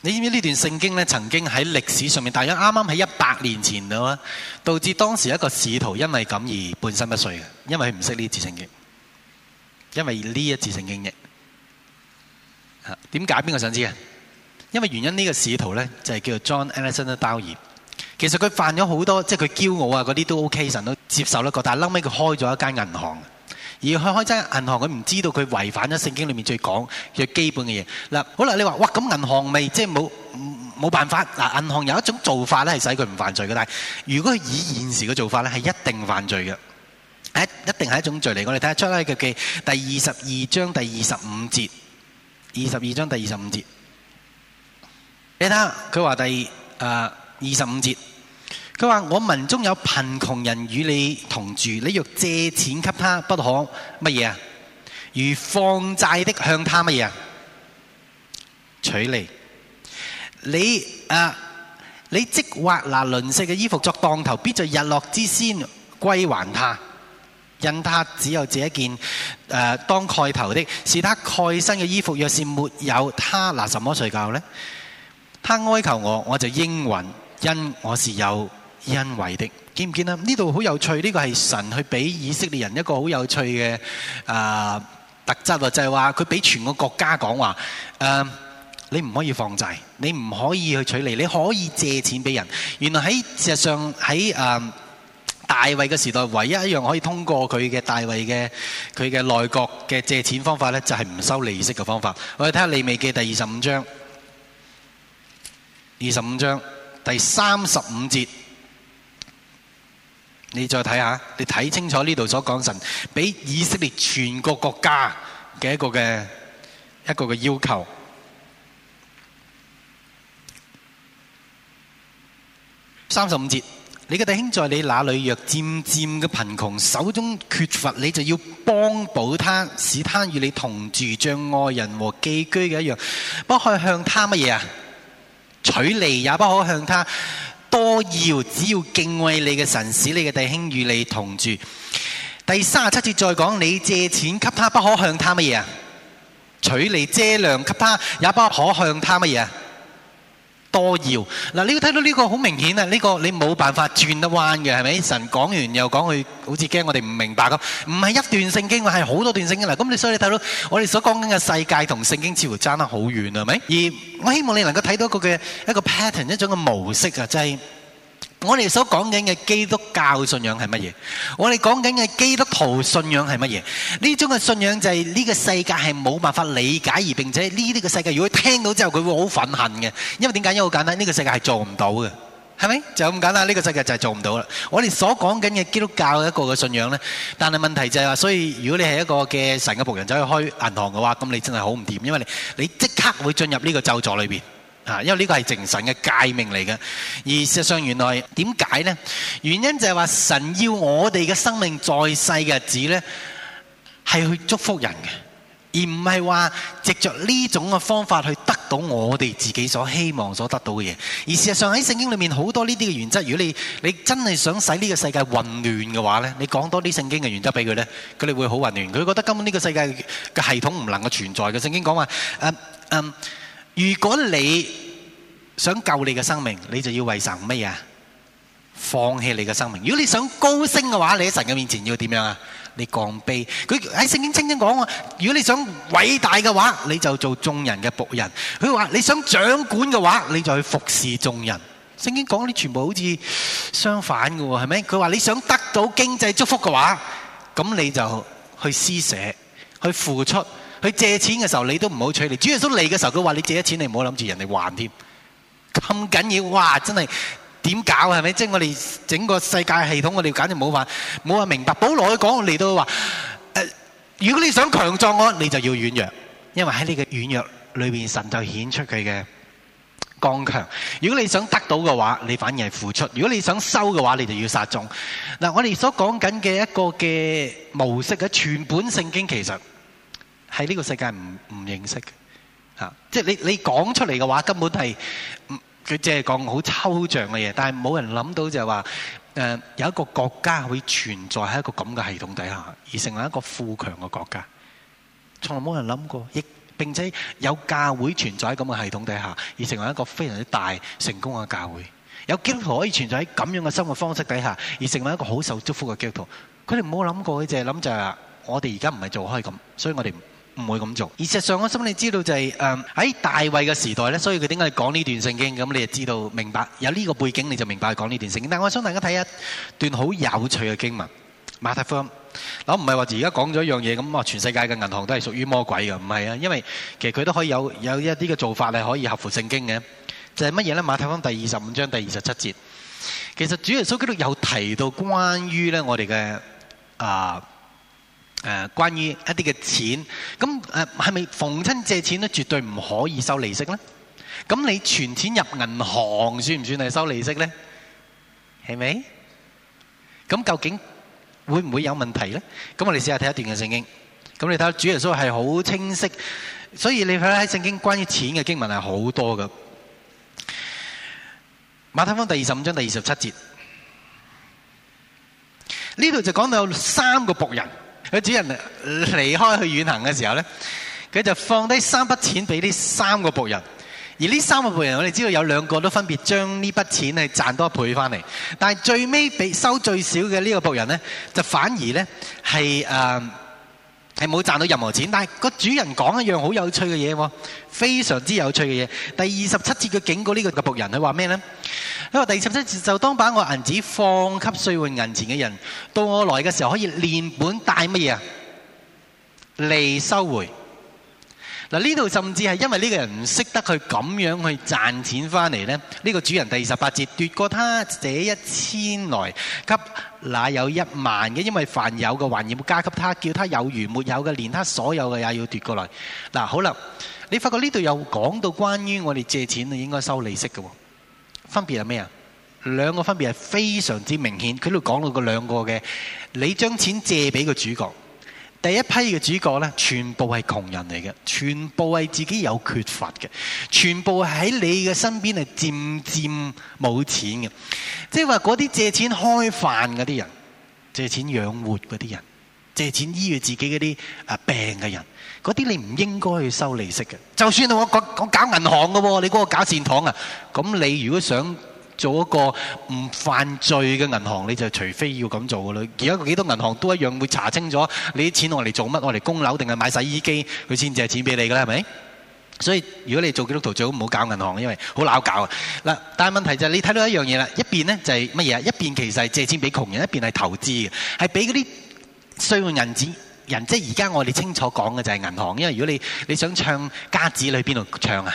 你知唔知呢段聖經咧曾經喺歷史上面，大約啱啱喺一百年前度啊，導致當時一個使徒因為咁而半身不遂嘅，因為佢唔識呢一字聖經，因為呢一字聖經嘅，吓點解邊個想知啊？因為原因呢個使徒呢，就係叫做 John Alexander Dowie 其實佢犯咗好多，即係佢驕傲啊嗰啲都 OK，神都接受得過，但係後尾佢開咗一間銀行。而佢開張銀行，佢唔知道佢違反咗聖經裏面最講最基本嘅嘢。嗱，好啦，你話哇，咁銀行未，即係冇冇辦法？嗱，銀行有一種做法咧，係使佢唔犯罪嘅。但係如果以現時嘅做法咧，係一定犯罪嘅。誒，一定係一種罪嚟。我哋睇下出啦，佢嘅第二十二章第二十五節。二十二章第二十五節，你睇下佢話第誒二十五節。佢話我民中有貧窮人與你同住，你若借錢給他，不可乜嘢啊？如放債的向他乜嘢啊？取利。你你即或拿鄰舍嘅衣服作當頭，必在日落之先歸還他，因他只有這一件誒、啊、當蓋頭的，是他蓋身嘅衣服。若是沒有他，拿什麼睡覺呢？他哀求我，我就應允，因我是有。因為的，見唔見啊？呢度好有趣，呢、這個係神去俾以色列人一個好有趣嘅，啊、呃、特質啊，就係話佢俾全個國家講話，誒、呃，你唔可以放債，你唔可以去取利，你可以借錢俾人。原來喺事實上喺誒、呃、大衛嘅時代，唯一一樣可以通過佢嘅大衛嘅佢嘅內閣嘅借錢方法呢，就係、是、唔收利息嘅方法。我哋睇下利未記得第二十五章，二十五章第三十五節。你再睇下，你睇清楚呢度所講神俾以色列全國國家嘅一個嘅一個嘅要求。三十五節，你嘅弟兄在你那裏若漸漸嘅貧窮，手中缺乏，你就要幫補他，使他與你同住像外人和寄居嘅一樣。不可向他乜嘢啊？取利，也不可向他。多要，只要敬畏你嘅神，使你嘅弟兄與你同住。第三十七節再講，你借錢給他，不可向他乜嘢啊？取利借糧給他，也不可向他乜嘢啊？多要嗱，你要睇到呢個好明顯啊！呢個你冇辦法轉得彎嘅，係咪？神講完又講佢，好似驚我哋唔明白咁。唔係一段聖經，我係好多段聖經嗱。咁你所以你睇到我哋所講緊嘅世界同聖經似乎差得好遠，係咪？而我希望你能夠睇到一個嘅一個 pattern，一種嘅模式啊，即係。我哋所講緊嘅基督教信仰係乜嘢？我哋講緊嘅基督徒信仰係乜嘢？呢種嘅信仰就係呢個世界係冇辦法理解，而並且呢個世界如果聽到之後，佢會好憤恨嘅，因為點解？因為好簡單，呢個世界係做唔到嘅，係咪？就咁簡單，呢個世界就係做唔到啦。我哋所講緊嘅基督教一個嘅信仰呢，但係問題就係話，所以如果你係一個嘅神嘅僕人走去開銀行嘅話，咁你真係好唔掂，因為你你即刻會進入呢個咒詛裏邊。啊！因為呢個係精神嘅戒命嚟嘅，而事實上原來點解咧？原因就係話神要我哋嘅生命在世嘅日子咧，係去祝福人嘅，而唔係話藉著呢種嘅方法去得到我哋自己所希望所得到嘅嘢。而事實上喺聖經裏面好多呢啲嘅原則，如果你你真係想使呢個世界混亂嘅話咧，你講多啲聖經嘅原則俾佢咧，佢哋會好混亂。佢覺得根本呢個世界嘅系統唔能夠存在嘅。聖經講話誒嗯。如果你想救你嘅生命，你就要為神乜嘢？放棄你嘅生命。如果你想高升嘅話，你喺神嘅面前要點樣啊？你降卑。佢喺聖經清清講啊。如果你想偉大嘅話，你就做眾人嘅僕人。佢話你想掌管嘅話，你就去服侍眾人。聖經講啲全部好似相反嘅喎，係咪？佢話你想得到經濟祝福嘅話，咁你就去施捨，去付出。佢借錢嘅時候，你都唔好取利；主要收利嘅時候，佢話你借咗錢，你唔好諗住人哋還添。咁緊要，哇！真係點搞啊？係咪？即係我哋整個世界系統，我哋簡直冇法冇話明白。保羅佢講嚟到話，誒，如果你想強壯我，你就要軟弱，因為喺你嘅軟弱裏邊，神就顯出佢嘅剛強。如果你想得到嘅話，你反而係付出；如果你想收嘅話，你就要撒種。嗱，我哋所講緊嘅一個嘅模式喺全本聖經其實。喺呢個世界唔唔認識嘅吓，即係你你講出嚟嘅話，根本係佢淨係講好抽象嘅嘢，但係冇人諗到就係話誒有一個國家會存在喺一個咁嘅系統底下，而成為一個富強嘅國家，從來冇人諗過。亦並且有教會存在喺咁嘅系統底下，而成為一個非常之大成功嘅教會，有基督徒可以存在喺咁樣嘅生活方式底下，而成為一個好受祝福嘅基督徒，佢哋冇諗過嘅，佢淨係諗就係我哋而家唔係做開咁，所以我哋。唔會咁做。事實上，我心裏知道就係誒喺大衛嘅時代咧，所以佢點解講呢段聖經？咁你就知道明白有呢個背景，你就明白講呢段聖經。但係我想大家睇一段好有趣嘅經文，馬太福音嗱，唔係話而家講咗一樣嘢咁啊，全世界嘅銀行都係屬於魔鬼嘅，唔係啊，因為其實佢都可以有有一啲嘅做法係可以合乎聖經嘅。就係乜嘢呢？馬太福音第二十五章第二十七節，其實主耶穌基督都有提到關於呢我哋嘅啊。呃誒，關於一啲嘅錢，咁誒係咪逢親借錢咧，絕對唔可以收利息咧？咁你存錢入銀行算唔算係收利息咧？係咪？咁究竟會唔會有問題咧？咁我哋試下睇一段嘅聖經。咁你睇下主耶穌係好清晰，所以你睇喺聖經關於錢嘅經文係好多噶。馬太福音第二十五章第二十七節，呢度就講到有三個僕人。佢主人離開去遠行嘅時候呢，佢就放低三筆錢俾呢三個僕人，而呢三個僕人我哋知道有兩個都分別將呢筆錢咧，賺多倍返嚟，但係最尾俾收最少嘅呢個僕人呢就反而呢係誒。呃冇賺到任何錢，但係個主人講一樣好有趣嘅嘢，非常之有趣嘅嘢。第二十七節佢警告呢個僕人，佢話咩咧？佢話第二十七節，就當把我銀子放給兌換銀錢嘅人，到我來嘅時候可以連本帶乜嘢嚟收回。嗱，呢度甚至係因為呢個人唔識得去咁樣去賺錢翻嚟咧，呢個主人第二十八節，奪過他這一千來給那有一萬嘅，因為凡有嘅還要加給他，叫他有餘沒有嘅，連他所有嘅也要奪過來。嗱，好啦，你發覺呢度有講到關於我哋借錢應該收利息嘅，分別係咩啊？兩個分別係非常之明顯，佢度講到個兩個嘅，你將錢借俾個主角。第一批嘅主角呢，全部係窮人嚟嘅，全部係自己有缺乏嘅，全部喺你嘅身邊係漸漸冇錢嘅，即係話嗰啲借錢開飯嗰啲人，借錢養活嗰啲人，借錢醫佢自己嗰啲病嘅人，嗰啲你唔應該去收利息嘅。就算我我我搞銀行噶，哦，你嗰個搞善堂啊，咁你如果想。做一個唔犯罪嘅銀行，你就除非要咁做噶啦。而家幾多銀行都一樣會查清楚你啲錢攞嚟做乜？攞嚟供樓定係買洗衣機？佢先借錢俾你噶啦，係咪？所以如果你做基督徒，最好唔好搞銀行，因為好攪搞啊。嗱，但係問題就係、是、你睇到一樣嘢啦。一邊呢就係乜嘢？一邊其實係借錢俾窮人，一邊係投資，係俾嗰啲需要銀紙人。即係而家我哋清楚講嘅就係銀行，因為如果你你想唱家子你去邊度唱啊？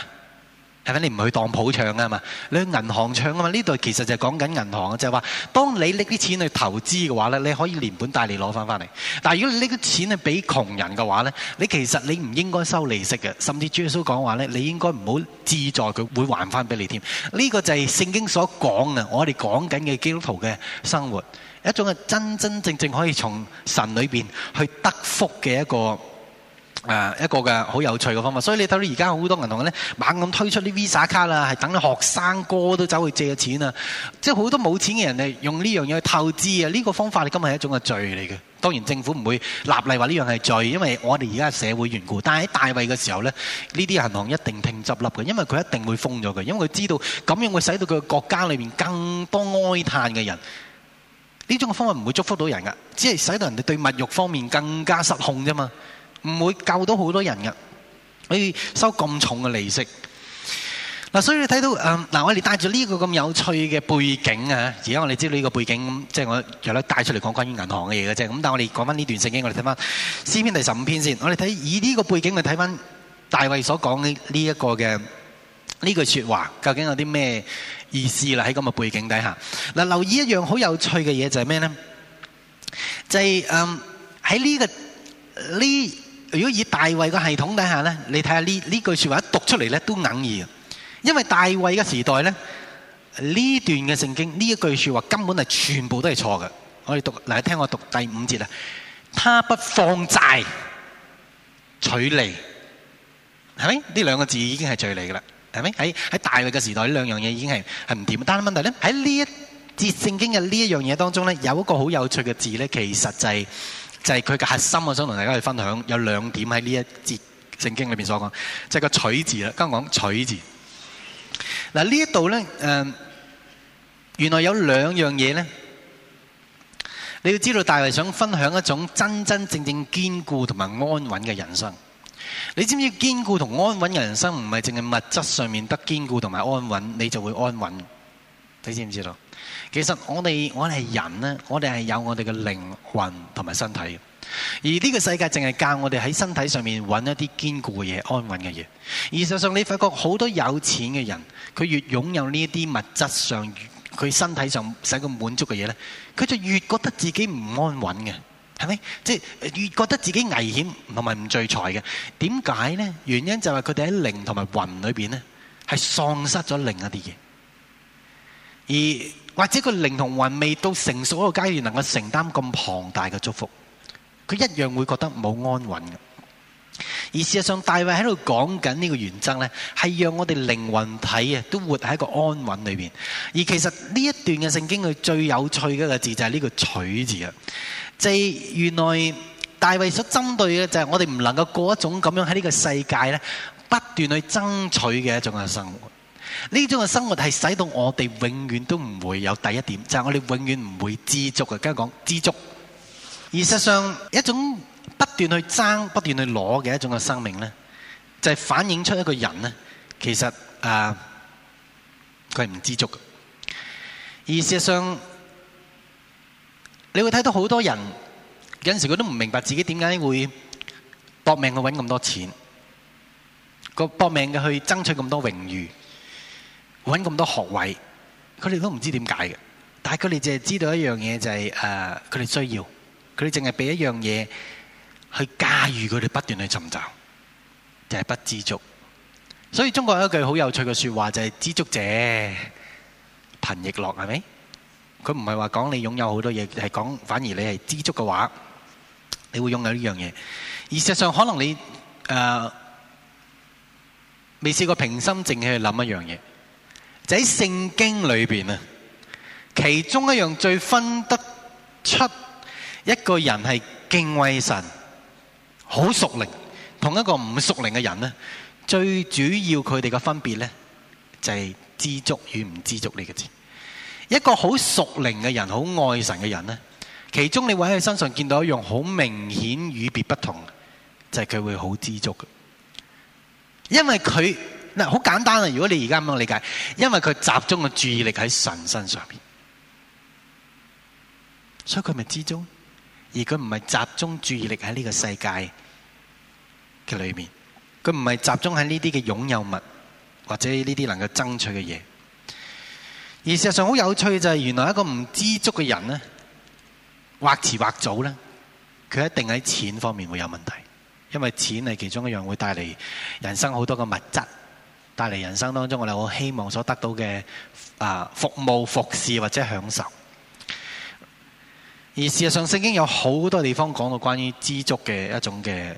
你唔去當鋪唱啊嘛，你去銀行唱啊嘛。呢度其實就講緊銀行啊，就係話當你拎啲錢去投資嘅話咧，你可以連本帶利攞翻翻嚟。但係如果你拎啲錢去俾窮人嘅話咧，你其實你唔應該收利息嘅，甚至耶穌講話咧，你應該唔好志在佢會還翻俾你添。呢個就係聖經所講嘅，我哋講緊嘅基督徒嘅生活，一種係真真正正可以從神裏邊去得福嘅一個。誒一個嘅好有趣嘅方法，所以你睇到而家好多銀行咧猛咁推出啲 Visa 卡啦，係等學生哥都走去借錢啊！即係好多冇錢嘅人嚟用呢樣嘢去透支啊！呢個方法咧，今日係一種嘅罪嚟嘅。當然政府唔會立例話呢樣係罪，因為我哋而家係社會緣故。但係喺大衞嘅時候呢，呢啲銀行一定聽執笠嘅，因為佢一定會封咗佢，因為佢知道咁樣會使到佢國家裏面更多哀嘆嘅人。呢種方法唔會祝福到人噶，只係使到人哋對物欲方面更加失控啫嘛。唔會救到好多人噶，可以收咁重嘅利息。嗱，所以你睇到，嗯，嗱，我哋帶住呢個咁有趣嘅背景啊，而家我哋知道呢個背景，即係我由得帶出嚟講關於銀行嘅嘢嘅啫。咁，但係我哋講翻呢段聖經，我哋睇翻詩篇第十五篇先。我哋睇以呢個背景去睇翻大衛所講嘅呢一個嘅呢句說話，究竟有啲咩意思啦？喺咁嘅背景底下，嗱，呃，留意一樣好有趣嘅嘢就係咩咧？就係，嗯，喺呢個呢。如果以大衛嘅系統底下呢，你睇下呢呢句說話讀出嚟呢都哽耳，因為大衛嘅時代呢，呢段嘅聖經呢一句說話根本係全部都係錯嘅。我哋讀嚟聽我讀第五節啊，他不放債取利，係咪？呢兩個字已經係罪嚟噶啦，係咪？喺喺大衛嘅時代呢兩樣嘢已經係係唔掂。但係問題呢，喺呢一節聖經嘅呢一樣嘢當中呢，有一個好有趣嘅字呢，其實就係、是。就係佢嘅核心，我想同大家去分享有兩點喺呢一節聖經裏邊所講，就係個取字啦。剛剛講取字，嗱呢一度咧，誒、呃、原來有兩樣嘢咧，你要知道，大衛想分享一種真真正正堅固同埋安穩嘅人生。你知唔知堅固同安穩嘅人生唔係淨係物質上面得堅固同埋安穩，你就會安穩？你知唔知道？其實我哋我哋係人咧，我哋係有我哋嘅靈魂同埋身體嘅。而呢個世界淨係教我哋喺身體上面揾一啲堅固嘅嘢、安穩嘅嘢。而事實上，你發覺好多有錢嘅人，佢越擁有呢一啲物質上、佢身體上使佢滿足嘅嘢咧，佢就越覺得自己唔安穩嘅，係咪？即係越覺得自己危險同埋唔聚財嘅。點解呢？原因就係佢哋喺靈同埋魂裏邊呢，係喪失咗另一啲嘢。而或者佢靈魂還未到成熟嗰個階段，能夠承擔咁龐大嘅祝福，佢一樣會覺得冇安穩。而事實上，大衛喺度講緊呢個原則，呢係讓我哋靈魂體啊都活喺一個安穩裏邊。而其實呢一段嘅聖經佢最有趣嘅一個字就係呢個取字啊，即係原來大衛所針對嘅就係我哋唔能夠過一種咁樣喺呢個世界咧不斷去爭取嘅一種嘅生活。呢種嘅生活係使到我哋永遠都唔會有第一點，就係我哋永遠唔會知足嘅。家講知足，而事實上一種不斷去爭、不斷去攞嘅一種嘅生命咧，就係反映出一個人咧，其實誒佢係唔知足嘅。而事實上你會睇到好多人有陣時佢都唔明白自己點解會搏命去搵咁多錢，個搏命嘅去爭取咁多榮譽。搵咁多學位，佢哋都唔知點解嘅。但係佢哋淨係知道一樣嘢，就係，就係誒，佢哋需要，佢哋淨係俾一樣嘢去駕馭佢哋不斷去尋找，就係不知足。所以中國有一句好有趣嘅說話，就係知足者貧亦樂，係咪？佢唔係話講你擁有好多嘢，係講反而你係知足嘅話，你會擁有呢樣嘢。而事實上，可能你誒未、呃、試過平心靜氣去諗一樣嘢。就是、在聖經裏邊啊，其中一樣最分得出一個人係敬畏神、好屬靈，同一個唔屬靈嘅人呢，最主要佢哋嘅分別呢，就係知足與唔知足呢個字。一個好屬靈嘅人、好愛神嘅人呢，其中你會喺佢身上見到一樣好明顯與別不同，就係、是、佢會好知足嘅，因為佢。嗱、嗯，好簡單啊！如果你而家咁樣理解，因為佢集中嘅注意力喺神身上邊，所以佢咪知足；而佢唔係集中注意力喺呢個世界嘅裏面，佢唔係集中喺呢啲嘅擁有物或者呢啲能夠爭取嘅嘢。而事實上好有趣就係，原來一個唔知足嘅人咧，或遲或早咧，佢一定喺錢方面會有問題，因為錢係其中一樣會帶嚟人生好多嘅物質。帶嚟人生當中，我哋好希望所得到嘅啊，服務服侍或者享受，而事實上聖經有好多地方講到關於知足嘅一種嘅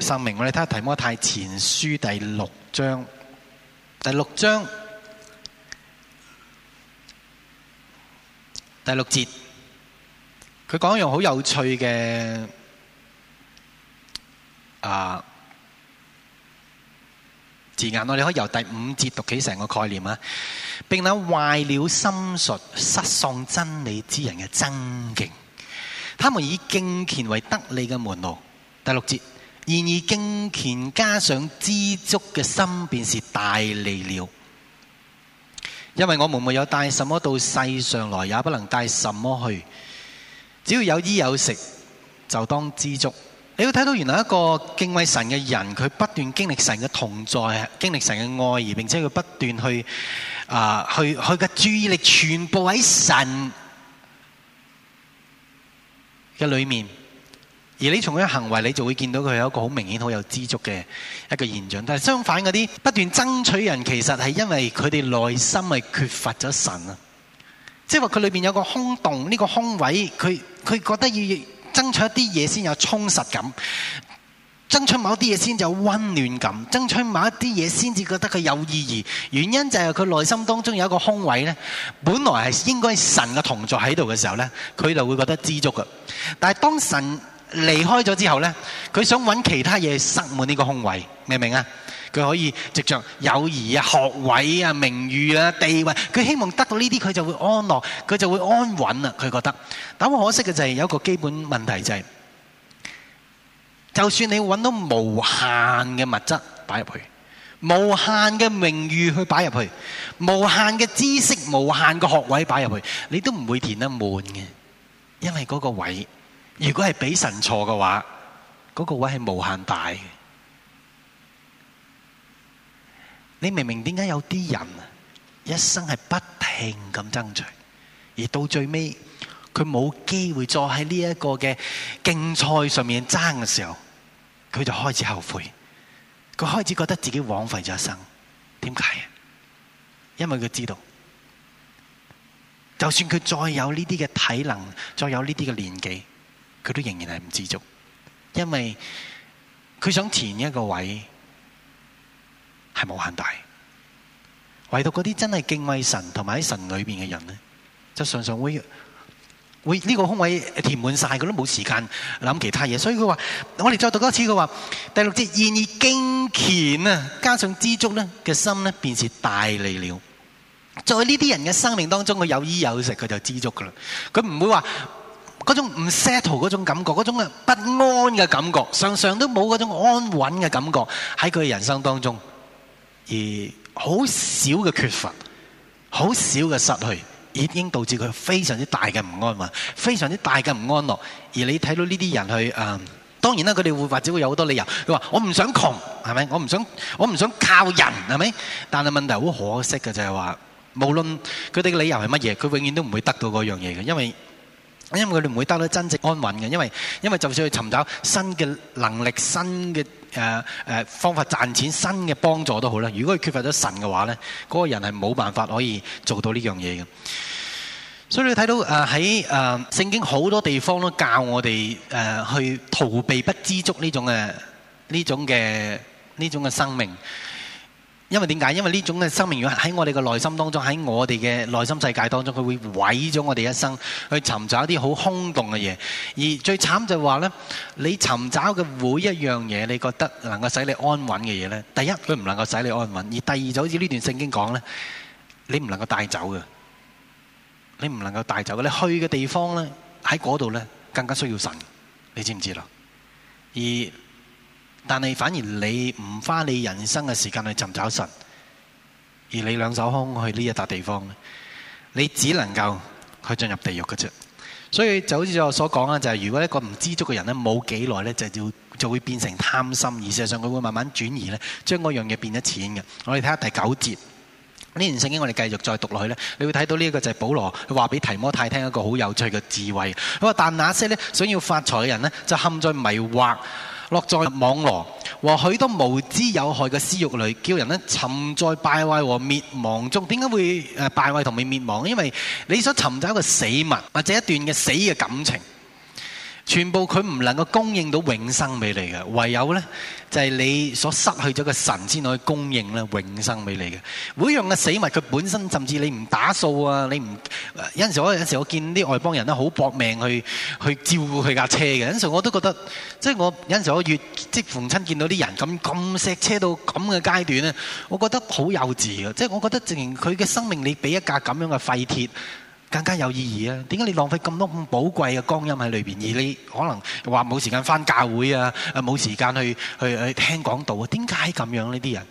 生命。我哋睇下提摩太前書第六章，第六章第六節，佢講一樣好有趣嘅啊。字眼，我哋可以由第五節讀起，成個概念啊！並那壞了心術、失喪真理之人嘅爭競，他們以敬虔為得利嘅門路。第六節，然而敬虔加上知足嘅心，便是大利了。因為我們沒有帶什麼到世上來，也不能帶什麼去，只要有衣有食，就當知足。你要睇到原來一個敬畏神嘅人，佢不斷經歷神嘅同在，經歷神嘅愛，而並且佢不斷去啊、呃，去佢嘅注意力全部喺神嘅裏面。而你從佢嘅行為，你就會見到佢有一個好明顯、好有知足嘅一個現象。但係相反嗰啲不斷爭取人，其實係因為佢哋內心係缺乏咗神啊，即係話佢裏邊有一個空洞，呢、呢個空位，佢佢覺得要。爭取一啲嘢，先有充實感，爭取某一啲嘢，先有溫暖感，爭取某一啲嘢先至覺得佢有意義。原因就係佢內心當中有一個空位呢，本來係應該是神嘅同在喺度嘅時候呢，佢就會覺得知足噶。但係當神離開咗之後呢，佢想揾其他嘢塞滿呢個空位，明唔明啊？佢可以藉著友誼啊、學位啊、名譽啊、地位，佢希望得到呢啲，佢就會安樂，佢就會安穩啦。佢覺得，但好可惜嘅就係有一個基本問題，就係，就係就算你揾到無限嘅物質擺入去，無限嘅名譽去擺入去，無限嘅知識、無限嘅學位擺入去，你都唔會填得滿嘅，因為嗰個位，如果係俾神坐嘅話，嗰、嗰個位係無限大嘅。你明明點解有啲人啊，一生係不停咁爭取，而到最尾佢冇機會再喺呢一個嘅競賽上面爭嘅時候，佢就開始後悔，佢開始覺得自己枉費咗一生。點解啊？因為佢知道，就算佢再有呢啲嘅體能，再有呢啲嘅年紀，佢都仍然係唔知足，因為佢想填一個位。係無限大，唯獨嗰啲真係敬畏神同埋喺神裏邊嘅人咧，就常常會會呢個空位填滿晒，佢都冇時間諗其他嘢。所以佢話：我哋再讀多次。佢話，第六節，見意敬虔啊，加上知足咧嘅心咧，便是大利了。在呢啲人嘅生命當中，佢有衣有食，佢就知足噶啦。佢唔會話，嗰種唔 settle 嗰種感覺，嗰種不安嘅感覺，常常都冇嗰種安穩嘅感覺喺佢嘅人生當中。而好少嘅缺乏，好少嘅失去，已經導致佢非常之大嘅唔安穩，非常之大嘅唔安樂。而你睇到呢啲人去誒、呃，當然啦，佢哋會或者會有好多理由。佢話：我唔想窮，係咪？我唔想，我唔想靠人，係咪？但係問題好可惜嘅就係、是、話，無論佢哋嘅理由係乜嘢，佢永遠都唔會得到嗰樣嘢嘅，因為因為佢哋唔會得到真正安穩嘅，因為因為就算去尋找新嘅能力、新嘅。誒、啊、誒、啊，方法賺錢新嘅幫助都好啦。如果佢缺乏咗神嘅話呢，嗰、嗰個人係冇辦法可以做到呢樣嘢嘅。所以你睇到誒喺誒聖經好多地方都教我哋誒、啊、去逃避不知足呢種嘅呢種嘅呢種嘅生命。因為點解？因為呢種嘅生命如果喺我哋嘅內心當中，喺我哋嘅內心世界當中，佢會毀咗我哋一生去尋找一啲好空洞嘅嘢。而最慘就係話咧，你尋找嘅每一樣嘢，你覺得能夠使你安穩嘅嘢咧，第一佢唔能夠使你安穩，而第二就好似呢段聖經講咧，你唔能夠帶走嘅，你唔能夠帶走嘅。你去嘅地方咧，喺嗰度咧，更加需要神。你知唔知啦？而但係反而你唔花你人生嘅時間去尋找神，而你兩手空去呢一笪地方咧，你只能夠去進入地獄嘅啫。所以就好似我所講啦，就係如果一個唔知足嘅人咧，冇幾耐咧，就會就會變成貪心，而事實上佢會慢慢轉移咧，將嗰樣嘢變咗錢嘅。我哋睇下第九節呢件聖經，我哋繼續再讀落去咧，你會睇到呢個個就係保羅話俾提摩太聽一個好有趣嘅智慧。佢話：但那些咧想要發財嘅人咧，就陷在迷惑。落在網羅，和許多無知有害嘅私欲裏，叫人咧沉在敗壞和滅亡中。點解會誒敗壞同埋滅亡？因為你想尋找一個死物或者一段嘅死嘅感情。全部佢唔能夠供應到永生俾你嘅，唯有咧就係你所失去咗嘅神先可以供應咧永生俾你嘅。每樣嘅死物，佢本身甚至你唔打掃啊，你唔有陣時我有陣時我見啲外邦人都好搏命去去照顧佢架車嘅，有陣時我都覺得即係我有陣時我越即逢親見到啲人咁咁錫車到咁嘅階段咧，我覺得好幼稚啊！即係我覺得，正如佢嘅生命你俾一架咁樣嘅廢鐵。更加有意義啊！點解你浪費咁多咁寶貴嘅光陰喺裏邊，而你可能話冇時間返教會啊，冇時間去去去聽講道啊？點解咁樣呢啲人？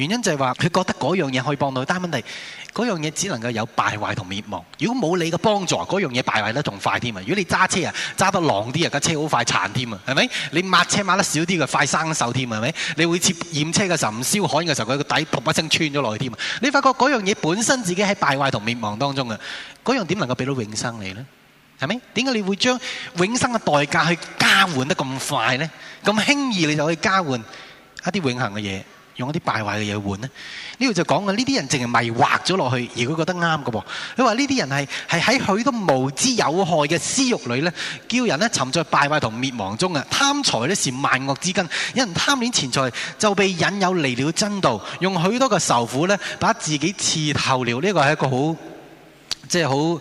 原因就係話，佢覺得嗰樣嘢可以幫到，但問題，嗰樣嘢只能夠有敗壞同滅亡。如果冇你嘅幫助，嗰樣嘢敗壞得仲快添啊！如果你揸車啊，揸得狼啲啊，架車好快殘添啊，係咪？你抹車抹得少啲啊，快生鏽添啊，係咪？你會接驗車嘅時候唔燒焊嘅時候，佢個底卟卜聲穿咗落去添啊！你發覺嗰樣嘢本身自己喺敗壞同滅亡當中啊，嗰樣點能夠俾到永生你呢？係咪？點解你會將永生嘅代價去交換得咁快呢？咁輕易你就可以交換一啲永恆嘅嘢？用一啲敗壞嘅嘢換呢？呢度就講啊，呢啲人淨係迷惑咗落去，而佢覺得啱嘅喎。佢話呢啲人係喺許多無知有害嘅私欲裏呢，叫人呢沉在敗壞同滅亡中啊！貪財呢是萬惡之根，有人貪戀錢財，就被引誘離了真道，用許多嘅仇苦呢，把自己刺透了。呢、這個係一個好即係好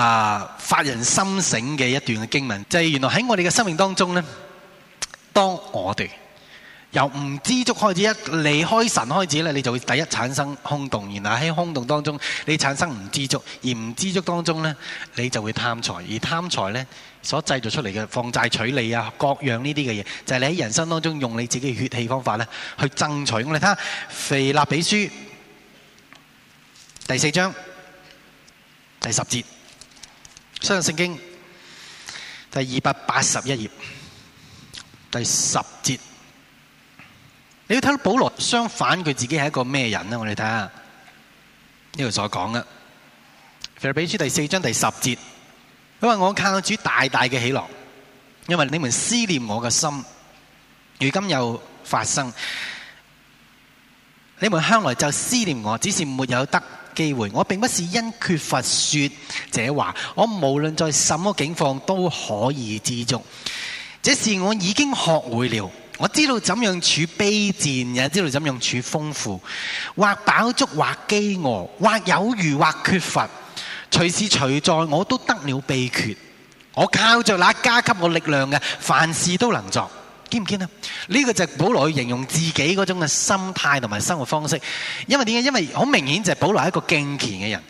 啊發人深省嘅一段嘅經文。就係、是、原來喺我哋嘅生命當中呢，當我哋。由唔知足開始，一離開神開始咧，你就會第一產生空洞，然後喺空洞當中，你產生唔知足，而唔知足當中咧，你就會貪財，而貪財咧，所製造出嚟嘅放債取利啊，各樣呢啲嘅嘢，就係、是、你喺人生當中用你自己嘅血氣方法咧，去爭取。我哋睇下《腓立比書》第四章第十節，相信聖經第二百八十一頁第十節。你要睇到保羅相反佢自己係一個咩人呢？我哋睇下呢度所講嘅。腓立比書第四章第十節，因為我靠主大大嘅喜樂，因為你們思念我嘅心，如今又發生。你們向來就思念我，只是沒有得機會。我並不是因缺乏說這話，我無論在什麼境況都可以知足，這是我已經學會了。我知道怎樣處卑賤，也知道怎樣處豐富。或飽足，或飢餓，或有餘，或缺乏，隨時隨在我都得了秘訣。我靠着那加給我力量嘅，凡事都能做。堅唔堅啊？呢、這個就係保羅去形容自己嗰種嘅心態同埋生活方式。因為點解？因為好明顯就係保羅係一個敬虔嘅人。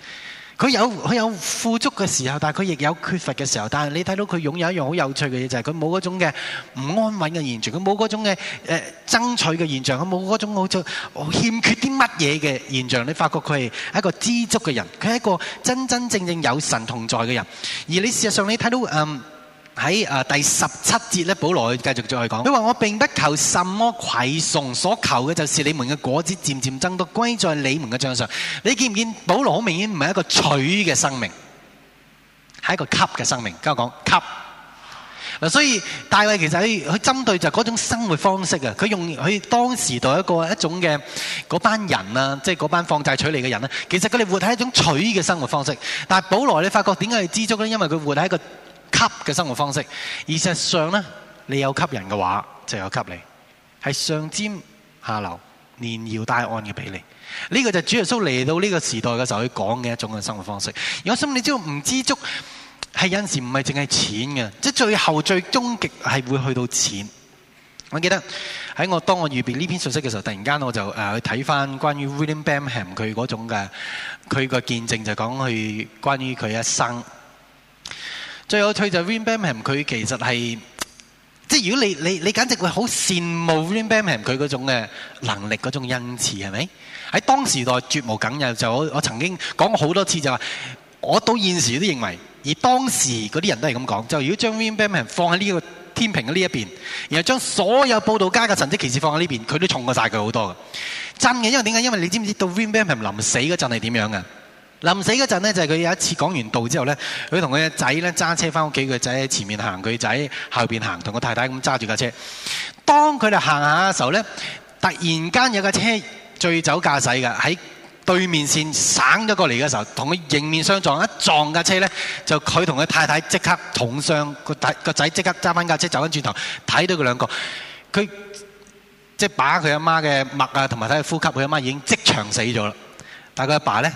佢有佢有富足嘅時候，但佢亦有缺乏嘅時候。但係你睇到佢擁有一樣好有趣嘅嘢，就係佢冇嗰種嘅唔安穩嘅現象，佢冇嗰種嘅誒、呃、爭取嘅現象，佢冇嗰種好似、哦、欠缺啲乜嘢嘅現象。你發覺佢係一個知足嘅人，佢係一個真真正正有神同在嘅人。而你事實上你睇到嗯。呃喺啊第十七節咧，保羅繼續再講，佢話，我並不求什麼饋送，所求嘅就是你們嘅果子漸漸增多，歸在你們嘅帳上。你見唔見保羅好明顯唔係一個取嘅生命，係一個給嘅生命。跟我講給嗱，所以大衛其實佢佢針對就嗰種生活方式啊，佢用佢當時代一個一種嘅嗰班人啊，即係嗰班放債取利嘅人咧，其實佢哋活喺一種取嘅生活方式。但係保羅，你發覺點解佢知足咧？因為佢活喺一個。給嘅生活方式，而事實上呢，你有給人嘅話，就有給你，係上尖下流，連搖帶按嘅比例。呢、這個就是主耶穌嚟到呢個時代嘅時候佢講嘅一種嘅生活方式。而我心裡知道唔知足係有時唔係淨係錢嘅，即係最後最終極係會去到錢。我記得喺我當我預備呢篇信息嘅時候，突然間我就誒、呃、去睇翻關於 William Branham 佢嗰種嘅佢個見證，就講去關於佢一生。最有趣就係 William Branham，佢其實係即係如果你你你，簡直會好羨慕 William Branham 佢嗰種嘅能力，嗰種恩賜，係咪？喺當時代絕無僅有。就我我曾經講過好多次，就話我到現時都認為，而當時嗰啲人都係咁講。就如果將 William Branham 放喺呢個天平嘅呢一邊，然後將所有報道家嘅神蹟奇事放喺呢邊，佢都重過曬佢好多嘅。真嘅，因為點解？因為你知唔知到 William Branham 臨死嗰陣係點樣嘅？臨死嗰陣咧，就係佢有一次講完道之後呢，佢同佢嘅仔呢揸車翻屋企。佢嘅仔喺前面行，佢仔後邊行，同個太太咁揸住架車。當佢哋行下嘅時候呢，突然間有架車醉酒駕駛嘅喺對面線省咗過嚟嘅時候，同佢迎面相撞。一撞架車呢，就佢同佢太太即刻重傷，個仔即刻揸翻架車走翻轉頭，睇到佢兩個。佢即係把佢阿媽嘅脈啊，同埋睇佢呼吸。佢阿媽已經即場死咗啦。但係佢阿爸呢？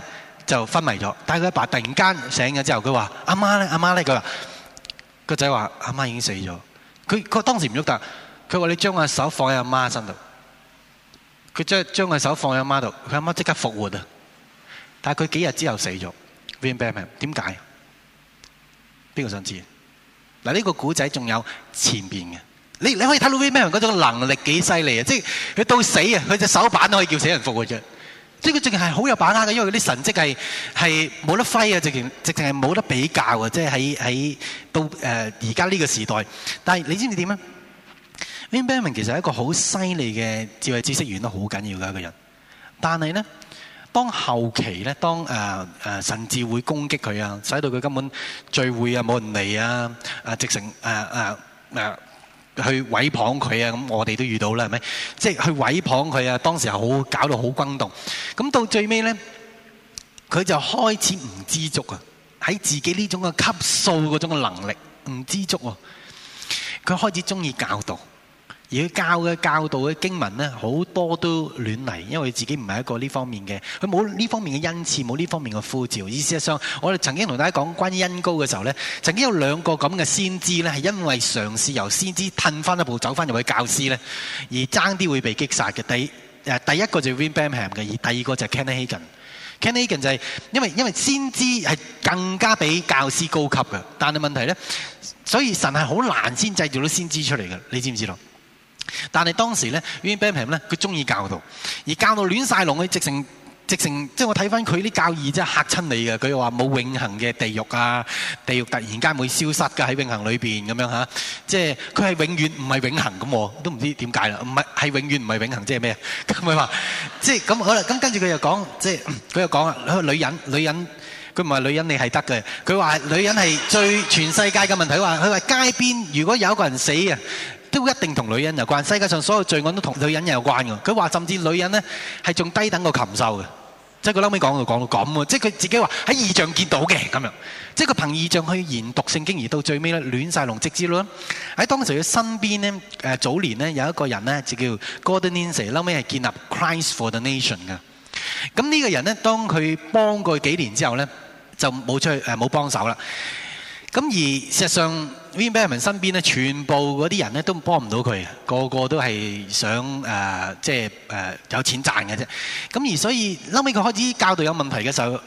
就昏迷咗，但係佢阿爸突然間醒咗之後，佢話阿媽咧，阿媽咧，佢話個仔話阿媽已經死咗，佢佢當時唔喐得，佢話你將個手放喺阿媽身度，佢將將個手放喺阿媽度，佢阿媽即刻復活啊！但係佢幾日之後死咗，Vampire 點解？邊個想知？嗱、這、呢個古仔仲有前邊嘅，你你可以睇到 Vampire 嗰種能力幾犀利啊！即係佢到死啊，佢隻手板都可以叫死人復活啫。即係佢直情係好有把握嘅，因為佢啲神跡係係冇得揮啊，直情直情係冇得比較啊！即係喺喺到誒而家呢個時代，但係你知唔知點咧？Abraham 其實係一個好犀利嘅智慧知識員都好緊要嘅一個人，但係咧，當後期咧，當誒誒、呃呃、甚至會攻擊佢啊，使到佢根本聚會啊冇人嚟啊，啊、呃、直成誒誒誒。呃呃呃去毀謗佢啊！咁我哋都遇到啦，係咪？即係去毀謗佢啊！當時好搞到好轟動。咁到最尾呢，佢就開始唔知足啊！喺自己呢種嘅級數嗰種嘅能力唔知足喎，佢開始鍾意教導。而佢教嘅教導嘅經文咧，好多都亂嚟，因為佢自己唔係一個呢方面嘅，佢冇呢方面嘅恩賜，冇呢方面嘅呼召。意思上，我哋曾經同大家講關於恩高嘅時候咧，曾經有兩個咁嘅先知咧，係因為嘗試由先知褪翻一步，走翻入去教師咧，而爭啲會被擊殺嘅。第、啊、第一個就係 Branham 嘅，而第二個就係 Kenneth Hagin，Kenneth Hagin 就係、是、因為因為先知係更加比教師高級嘅，但係問題咧，所以神係好難先製造到先知出嚟嘅，你知唔知道？但係當時咧，Bill Payne 咧，佢中意教徒，而教到亂晒龍，佢直成直成，即係我睇翻佢啲教義真係嚇親你嘅。佢又話冇永恆嘅地獄啊，地獄突然間會消失㗎，喺永恆裏邊咁樣吓，即係佢係永遠唔係永恆咁，都唔知點解啦。唔係係永遠唔係永恆，即係咩？咁佢話，即係咁好啦。咁跟住佢又講，即係佢又講啊，女人女人，佢唔係女人你係得嘅。佢話女人係最全世界嘅問題。佢話佢話街邊如果有一個人死啊！都一定同女人有關，世界上所有罪案都同女人有關嘅。佢話甚至女人呢係仲低等過禽獸嘅，即係佢撈尾講到講到咁喎，即係佢自己話喺異象見到嘅咁樣，即係佢憑異象去研讀聖經，而到最尾咧，亂晒龍跡之類啦。喺當時佢身邊呢、呃，早年呢有一個人呢，就叫 Gordon Lindsay 撈尾係建立 Christ for the Nation 嘅。咁呢個人呢，當佢幫過佢幾年之後呢，就冇出去冇幫、呃、手啦。咁而事實上，William 身邊呢，全部嗰啲人呢都幫唔到佢，個個都係想、呃、即係、呃、有錢賺嘅啫。咁而所以，後屘佢開始教導有問題嘅時候。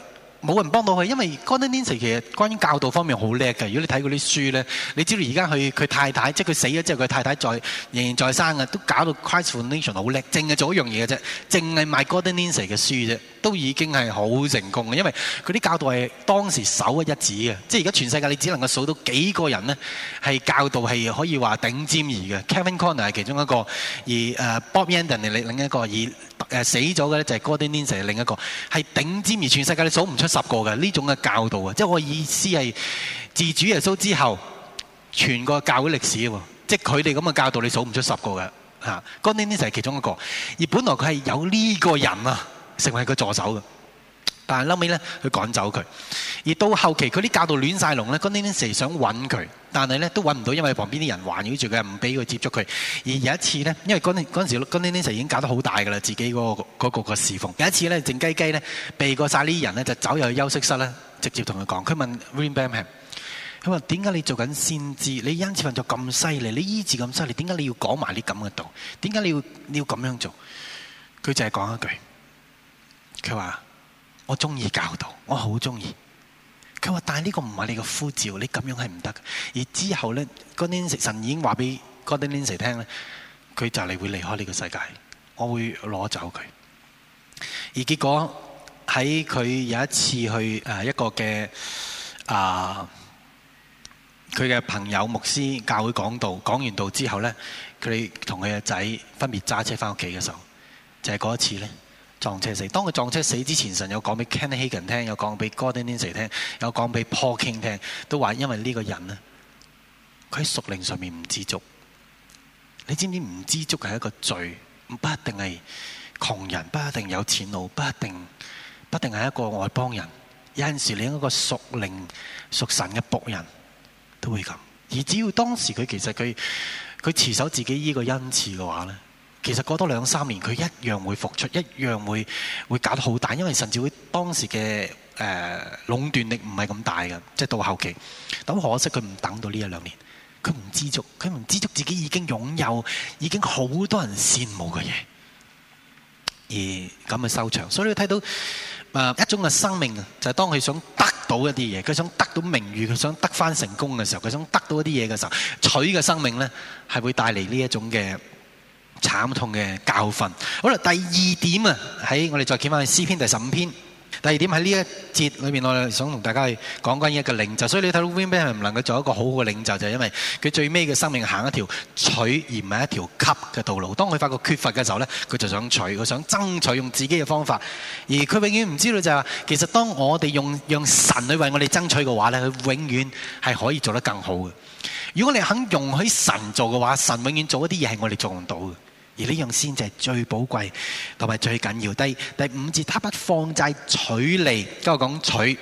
冇人幫到佢，因為 Gordon Lindsay 其實關於教導方面好叻嘅。如果你睇嗰啲書咧，你知道而家佢，佢太太，即係佢死咗之後佢太太在仍然在生啊，都搞到 Christ for the Nations 好叻。淨係做一樣嘢嘅啫，淨係賣 Gordon Lindsay 嘅書啫，都已經係好成功嘅。因為佢啲教導係當時首屈一指嘅，即係而家全世界你只能夠數到幾個人咧係教導係可以話頂尖而嘅。Kevin Conner 係其中一個，而誒 Bob Yandian 係另，另一個而誒死咗嘅咧，就係 Gordon Lindsay 係另一個，係頂尖而全世界你數唔出。十個嘅呢種嘅教導啊，即係我意思係，自主耶穌之後，全個教會歷史啊，即係佢哋咁嘅教導，你數唔出十個嘅吓。關天恩就係其中一個，而本來佢係有呢個人啊，成為佢助手嘅，但係後尾咧，佢趕走佢，而到後期佢啲教導亂晒龍咧，關天恩成想揾佢。但係咧都揾唔到，因為旁邊啲人環繞住佢，唔俾佢接觸佢。而有一次咧，因為嗰陣時，已經搞得好大嘅啦，自己嗰個嗰個個侍奉。有一次咧，靜雞雞咧避過晒呢啲人咧，就走入去休息室咧，直接同佢講。佢問 William Branham，佢話，點解你做緊先知？你恩賜訓教咁犀利，你醫治咁犀利，點解你要講埋啲咁嘅道？點解你要你要咁樣做？佢就係講一句，佢話：我中意教導，我好中意。佢話：但係呢個唔係你嘅呼召，你咁樣係唔得。而之後呢 Gordon Lindsay 神已經話俾 Gordon Lindsay 聽咧，佢就嚟會離開呢個世界，我會攞走佢。而結果喺佢有一次去誒一個嘅啊，佢嘅朋友牧師教會講道，講完道之後呢，佢哋同佢嘅仔分別揸車翻屋企嘅時候，就係、是、嗰一次呢。撞車死。當佢撞車死之前，神有講俾 Ken Hagin 聽，有講俾 Godenancy 聽，有講俾 Paul King 聽，都話因為呢個人咧，佢喺屬靈上面唔知足。你知唔知唔知足係一個罪？唔不一定係窮人，不一定有錢佬，不一定，不一定係一個外邦人。有陣時，你一個屬靈屬神嘅僕人都會咁。而只要當時佢其實佢佢持守自己呢個恩賜嘅話咧。其實過多兩三年，佢一樣會復出，一樣會會搞得好大，因為甚至會當時嘅誒、呃、壟斷力唔係咁大嘅，即係到後期。咁可惜，佢唔等到呢一兩年，佢唔知足，佢唔知足自己已經擁有，已經好多人羨慕嘅嘢，而咁去收場。所以你睇到誒、呃、一種嘅生命，就係、是、當佢想得到一啲嘢，佢想得到名譽，佢想得返成功嘅時候，佢想得到一啲嘢嘅時候，取嘅生命呢係會帶嚟呢一種嘅。慘痛嘅教訓。好啦，第二點啊，喺我哋再檢翻去《詩篇》第十五篇。第二點喺呢一節裏面，我哋想同大家去講關於一個領袖。所以你睇到 William 唔能夠做一個好好嘅領袖，就係因為佢最尾嘅生命行一條取而唔係一條給嘅道路。當佢發覺缺乏嘅時候咧，佢就想取，佢想，想爭取用自己嘅方法。而佢永遠唔知道就係話，其實當我哋用用神去為我哋爭取嘅話咧，佢永遠係可以做得更好嘅。如果你肯容許神做嘅話，神永遠做一啲嘢係我哋做唔到嘅。而呢樣先至係最寶貴同埋最緊要的。第第五節，他不放債取利，跟我講取。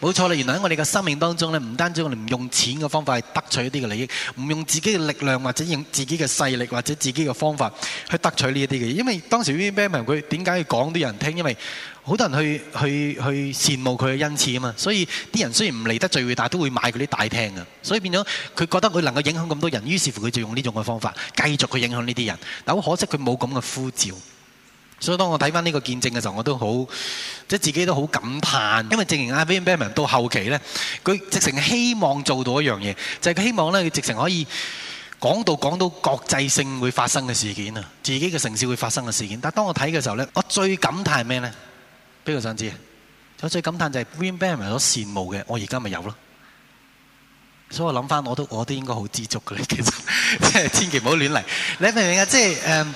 冇錯啦！原來喺我哋嘅生命當中咧，唔單止我哋唔用錢嘅方，方法去得取一啲嘅利益，唔用自己嘅力量或者用自己嘅勢力或者自己嘅方法去得取呢一啲嘅，因為當時呢啲 b a n 佢點解要講啲人聽？因為好多人去去去羨慕佢嘅恩賜啊嘛，所以啲人雖然唔嚟得聚會，但係都會買嗰啲大廳啊，所以變咗佢覺得佢能夠影響咁多人，於是乎佢就用呢種嘅方法繼續去影響呢啲人。但好可惜，佢冇咁嘅呼召。所以當我睇翻呢個見證嘅時候，我都好即係自己都好感嘆，因為正如阿 William Benjamin 到後期咧，佢直情希望做到一樣嘢，就係、是、佢希望咧，佢直情可以講到講到國際性會發生嘅事件啊，自己嘅城市會發生嘅事件。但係當我睇嘅時候咧，我最感嘆係咩咧？邊個想知？我最感嘆就係 William Benjamin 所羨慕嘅，我而家咪有咯。所以我諗翻，我都我都應該好知足嘅啦，其實即係千祈唔好亂嚟。你明唔明啊？即係誒。Um,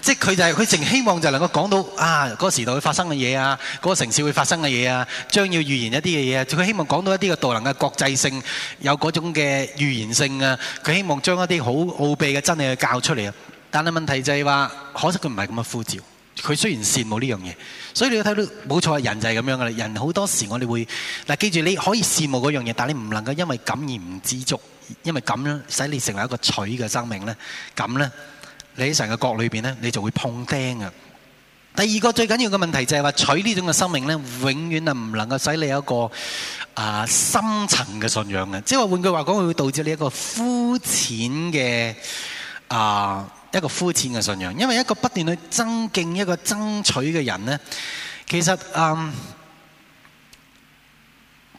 即係佢就係佢淨希望就能夠講到啊嗰個時代會發生嘅嘢啊，嗰個城市會發生嘅嘢啊，將要預言一啲嘅嘢啊，佢希望講到一啲嘅道能嘅國際性有嗰種嘅預言性啊，佢希望將一啲好奧秘嘅真理去教出嚟啊。但係問題就係話，可惜佢唔係咁嘅呼召。佢雖然羨慕呢樣嘢，所以你睇到冇錯，人就係咁樣噶啦。人好多時我哋會嗱記住，你可以羨慕嗰樣嘢，但係你唔能夠因為咁而唔知足，因為咁樣使你成為一個取嘅生命咧，咁咧。喺神嘅國裏邊咧，你就會碰釘啊！第二個最緊要嘅問題就係話，取呢種嘅生命咧，永遠係唔能夠使你有一個啊深層嘅信仰嘅，即係話換句話講，佢會導致你一個膚淺嘅啊一個膚淺嘅信仰。因為一個不斷去增勁一個爭取嘅人咧，其實嗯，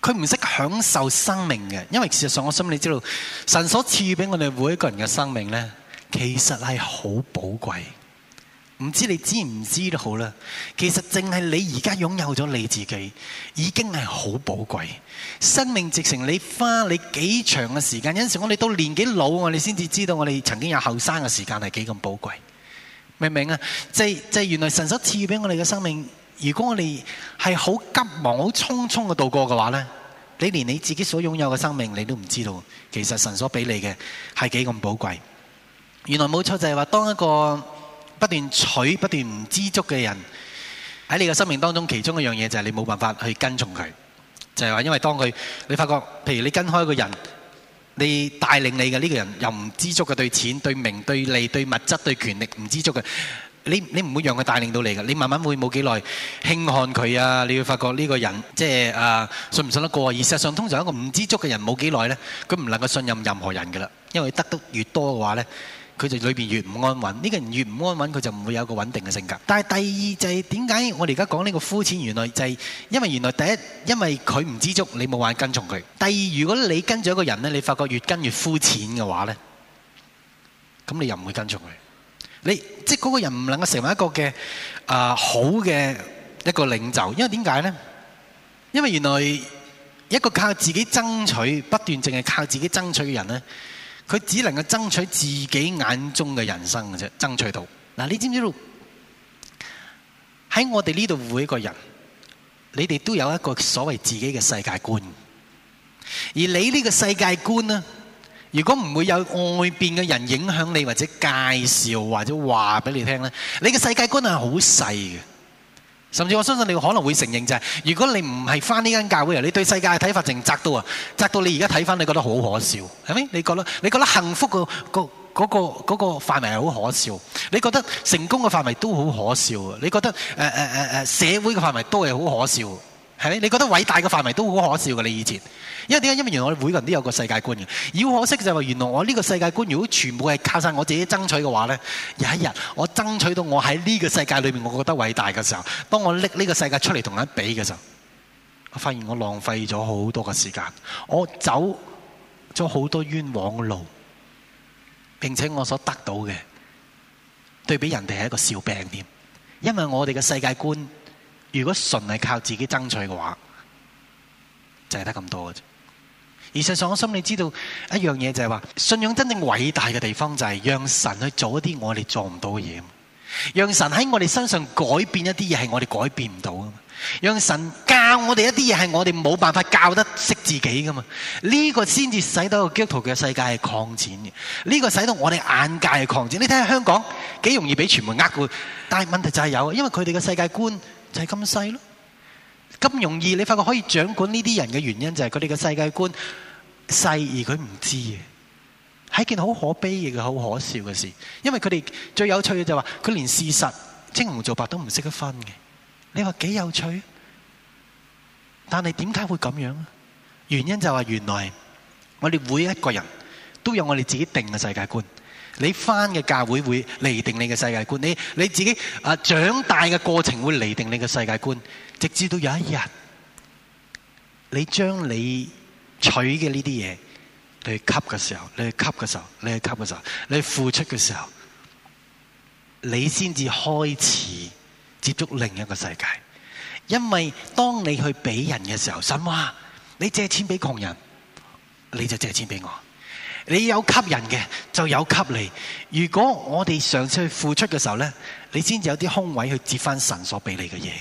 佢唔識享受生命嘅。因為事實上，我心裏知道，神所賜俾我哋每一個人嘅生命咧。其實係好寶貴，唔知你知唔知都好啦。其實淨係你而家擁有咗你自己，已經係好寶貴。生命直情你花你幾長嘅時間，有陣時我哋到年紀老，我哋先至知道我哋曾經有後生嘅時間係幾咁寶貴。明唔明啊？即係即係原來神所賜俾我哋嘅生命，如果我哋係好急忙、好匆匆嘅度過嘅話咧，你連你自己所擁有嘅生命你都唔知道，其實神所俾你嘅係幾咁寶貴。原來冇錯，就係話當一個不斷取、不斷唔知足嘅人喺你嘅生命當中，其中一樣嘢就係你冇辦法去跟從佢。就係話，因為當佢你發覺，譬如你跟開個人，你帶領你嘅呢個人又唔知足嘅對錢、對名、對利、對物質、對權力唔知足嘅，你你唔會讓佢帶領到你嘅。你慢慢會冇幾耐輕看佢啊！你會發覺呢個人即係啊信唔信得過？而事實上，通常一個唔知足嘅人冇幾耐呢，佢唔能夠信任任何人㗎喇，因為得得越多嘅話呢。佢哋裏邊越唔安穩，呢、這個人越唔安穩，佢就唔會有一個穩定嘅性格。但係第二就係點解我哋而家講呢個膚淺？原來就係因為原來第一，因為佢唔知足，你冇辦法跟從佢。第二，如果你跟咗一個人呢，你發覺越跟越膚淺嘅話呢，咁你又唔會跟從佢。你即係嗰個人唔能夠成為一個嘅、呃、好嘅一個領袖，因為點解呢？因為原來一個靠自己爭取、不斷淨係靠自己爭取嘅人呢。佢只能夠爭取自己眼中嘅人生嘅啫，爭取到。嗱，你知唔知道喺我哋呢度每個人，你哋都有一個所謂自己嘅世界觀。而你呢個世界觀呢，如果唔會有外面嘅人影響你，或者介紹，或者話俾你聽，你嘅世界觀係好細嘅。甚至我相信你可能會承認就係，如果你唔係返呢間教會，你對世界嘅睇法淨窄到啊，窄到你而家睇返，你覺得好可笑，係咪？你覺得幸福嗰個、嗰個、嗰個嗰個個範圍係好可笑，你覺得成功嘅範圍都好可笑，你覺得、呃呃、社會嘅範圍都係好可笑。係你覺得偉大嘅範圍都好可笑嘅。你以前，因為點解？因為原來我哋每個人都有個世界觀嘅。好可惜就係話，原來我呢個世界觀如果全部係靠晒我自己爭取嘅話呢，有一日我爭取到我喺呢個世界裏面，我覺得偉大嘅時候，當我拎呢個世界出嚟同人比嘅時候，我發現我浪費咗好多嘅時間，我走咗好多冤枉路，並且我所得到嘅對比人哋係一個笑柄添，因為我哋嘅世界觀。如果純係靠自己爭取嘅話，就係得咁多嘅啫。而事實上，我心裏知道一樣嘢就係話，信仰真正偉大嘅地方就係讓神去做一啲我哋做唔到嘅嘢，讓神喺我哋身上改變一啲嘢係我哋改變唔到，讓神教我哋一啲嘢係我哋冇辦法教得識自己噶嘛。呢個先至使到基督徒嘅世界係擴展嘅，呢個使到我哋眼界係擴展。你睇下香港幾容易俾傳媒呃過，但係問題就係有，因為佢哋嘅世界觀。就係咁細咯，咁容易你發覺可以掌管呢啲人嘅原因就係佢哋嘅世界觀細，而佢唔知嘅，係件好可悲亦好可笑嘅事。因為佢哋最有趣嘅就係話，佢連事實青紅皂白都唔識得分嘅，你話幾有趣？但係點解會咁樣啊？原因就係話原來我哋每一個人都有我哋自己定嘅世界觀。你翻嘅教會會釐定你嘅世界觀，你你自己啊、呃、長大嘅過程會釐定你嘅世界觀，直至到有一日，你將你取嘅呢啲嘢嚟給嘅時候，你去給嘅時候，你去給嘅時，時，時候，你付出嘅時候，你先至開始接觸另一個世界。因為當你去俾人嘅時候，神話你借錢俾窮人，你就借錢俾我。你有吸引嘅就有吸你。如果我哋上次去付出嘅時候咧，你先至有啲空位去接翻神所俾你嘅嘢。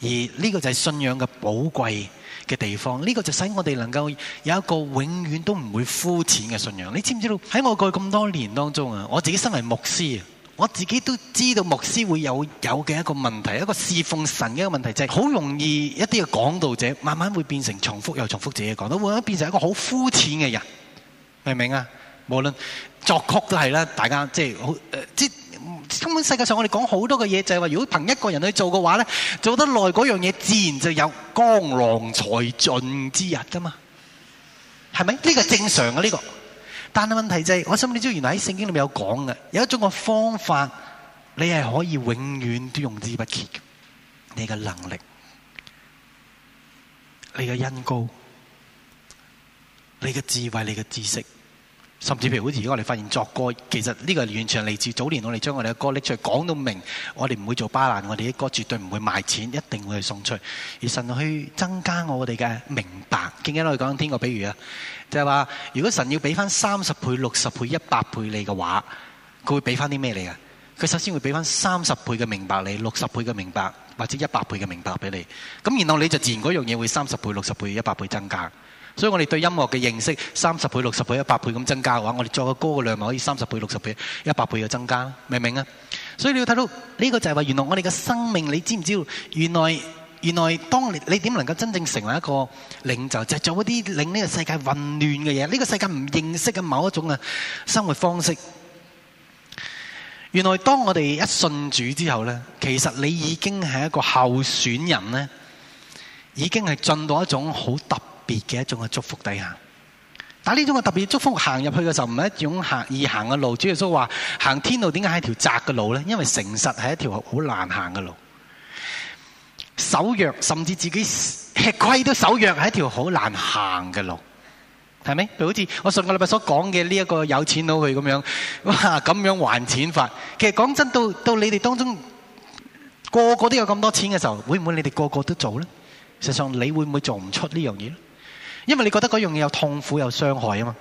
而呢個就係信仰嘅寶貴嘅地方。呢個就使我哋能夠有一個永遠都唔會膚淺嘅信仰。你知唔知道喺我過去咁多年當中啊，我自己身為牧師，我自己都知道牧師會有有嘅一個問題，一個侍奉神嘅一個問題，就係好容易一啲嘅講道者慢慢會變成重複又重複自己的講道，會變成一個好膚淺嘅人。明唔明啊？無論作曲都係啦，大家即係好誒，即根、呃、本世界上我哋講好多嘅嘢，就係、是、話如果憑一個人去做嘅話咧，做得耐嗰樣嘢，自然就有江郎才盡之日噶嘛，係咪？呢、這個正常嘅呢、這個，但係問題就係、是，我心諗你知道原來喺聖經裏面有講嘅，有一種一個方法，你係可以永遠都用之不竭嘅，你嘅能力，你嘅恩膏，你嘅智慧，你嘅知識。甚至譬如好似而家我哋發現作歌，其實呢個完全嚟自早年我哋將我哋嘅歌拎出嚟講到明。我哋唔會做巴蘭，我哋啲歌絕對唔會賣錢，一定會去送出。而神去增加我哋嘅明白，記唔記得我哋講緊天國比喻啊，就係話如果神要俾翻三十倍、六十倍、一百倍你嘅話，佢會俾翻啲咩你啊？佢首先會俾翻三十倍嘅明白你，六十倍嘅明白，或者一百倍嘅明白俾你。咁然後你就自然嗰樣嘢會三十倍、六十倍、一百倍增加。所以我哋對音樂嘅認識三十倍六十倍一百倍咁增加嘅話,我哋做個歌嘅量可以三十倍六十倍一百倍嘅增加,明唔明啊?所以你要睇到,呢個就係話原來我哋嘅生命,你知唔知,原來,原來當你點能夠真正成為一個領袖,就係做嗰啲令這個世界混亂嘅嘢,呢個世界唔認識嘅某一種生活方式。原來當我哋一信主之後呢,其實你已經係一個候選人呢,已經係進到一種好特,別嘅一種嘅祝福底下，但係呢種嘅特別祝福，行入去嘅時候唔係一種行易行嘅路。主要都話行天路，點解係條窄嘅路咧？因為誠實係一條好難行嘅路，守約甚至自己吃虧都守約係一條好難行嘅路，係咪？譬如好似我上個禮拜所講嘅呢一個有錢佬去咁樣，哇，咁樣還錢法。其實講真，到到你哋當中個個都有咁多錢嘅時候，會唔會你哋個個都做咧？實際上，你會唔會做唔出呢樣嘢咧？因為你覺得嗰樣嘢有痛苦、有傷害啊嘛，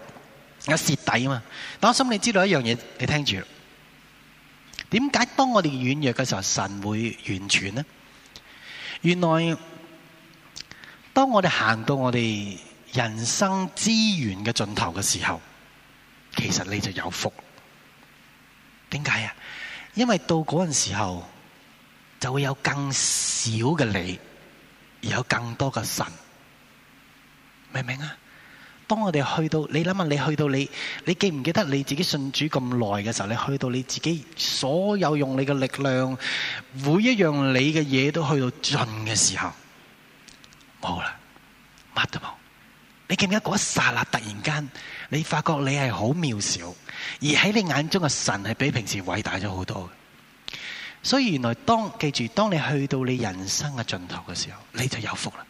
有蝕底啊嘛。但我想你知道一樣嘢，你聽住。點解當我哋軟弱嘅時候，神會完全呢？原來當我哋行到我哋人生資源嘅盡頭嘅時候，其實你就有福。點解啊？因為到嗰陣時候就會有更少嘅你，而有更多嘅神。明唔明啊？當我哋去到，你諗下，你去到你，你記唔記得你自己信主咁耐嘅時候，你去到你自己所有用你嘅力量，每一樣你嘅嘢都去到盡嘅時候，冇啦，乜都冇。你記唔記得嗰一剎那突然間，你發覺你係好渺小，而喺你眼中嘅神係比平時偉大咗好多嘅。所以原來當記住，當你去到你人生嘅盡頭嘅時候，你就有福啦，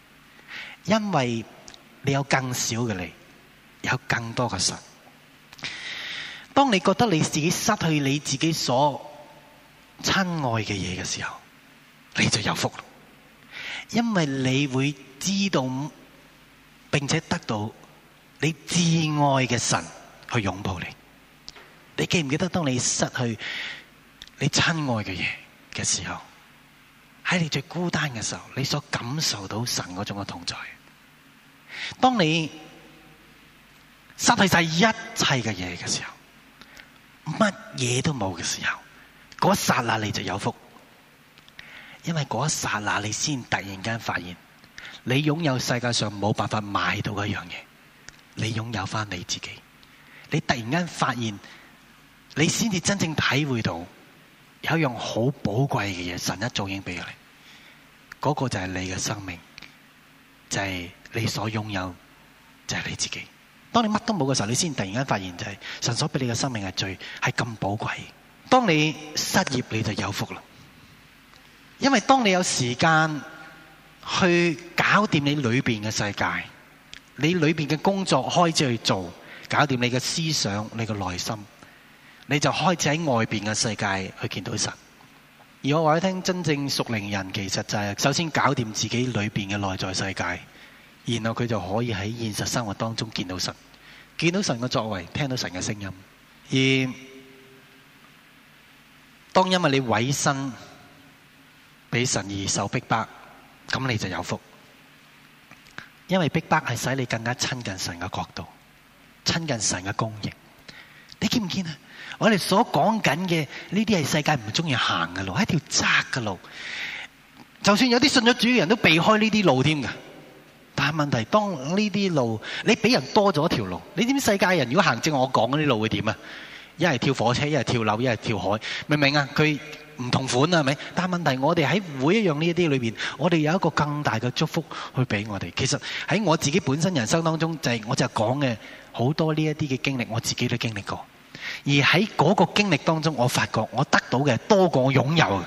因為。你有更少嘅你，有更多嘅神。當你覺得你自己失去你自己所親愛嘅嘢嘅時候，你就有福了，因為你會知道並且得到你摯愛嘅神去擁抱你。你記唔記得當你失去你親愛嘅嘢嘅時候，喺你最孤單嘅時候，你所感受到神嗰種嘅同在？當你失去晒一切嘅嘢嘅時候，乜嘢都冇嘅時候，嗰一剎那你就有福，因為嗰一剎那你先突然間發現，你擁有世界上冇辦法買到嘅一樣嘢，你擁有翻你自己，你突然間發現，你先至真正體會到有一樣好寶貴嘅嘢，神一早已經俾咗你，嗰個就係你嘅生命，就係。你所擁有就係你自己。當你乜都冇嘅時候，你先突然間發現就係神所俾你嘅生命係最係咁寶貴。當你失業，你就有福啦。因為當你有時間去搞掂你裏邊嘅世界，你裏邊嘅工作開始去做，搞掂你嘅思想、你嘅內心，你就開始喺外邊嘅世界去見到神。而我話你聽，真正屬靈人，其實就係首先搞掂自己裏邊嘅內在世界。然後，但係問題，當呢啲路你俾人多咗條路，你知唔知世界人如果行正我講嗰啲路會點啊？一係跳火車，一係跳樓，一係跳海，明唔明啊？佢唔同款啊，係咪？但係問題，我哋喺每一樣呢一啲裏面，我哋有一個更大嘅祝福去俾我哋。其實喺我自己本身人生當中，就係我就係講嘅好多呢一啲嘅經歷，我自己都經歷過。而喺嗰個經歷當中，我發覺我得到嘅多過擁有。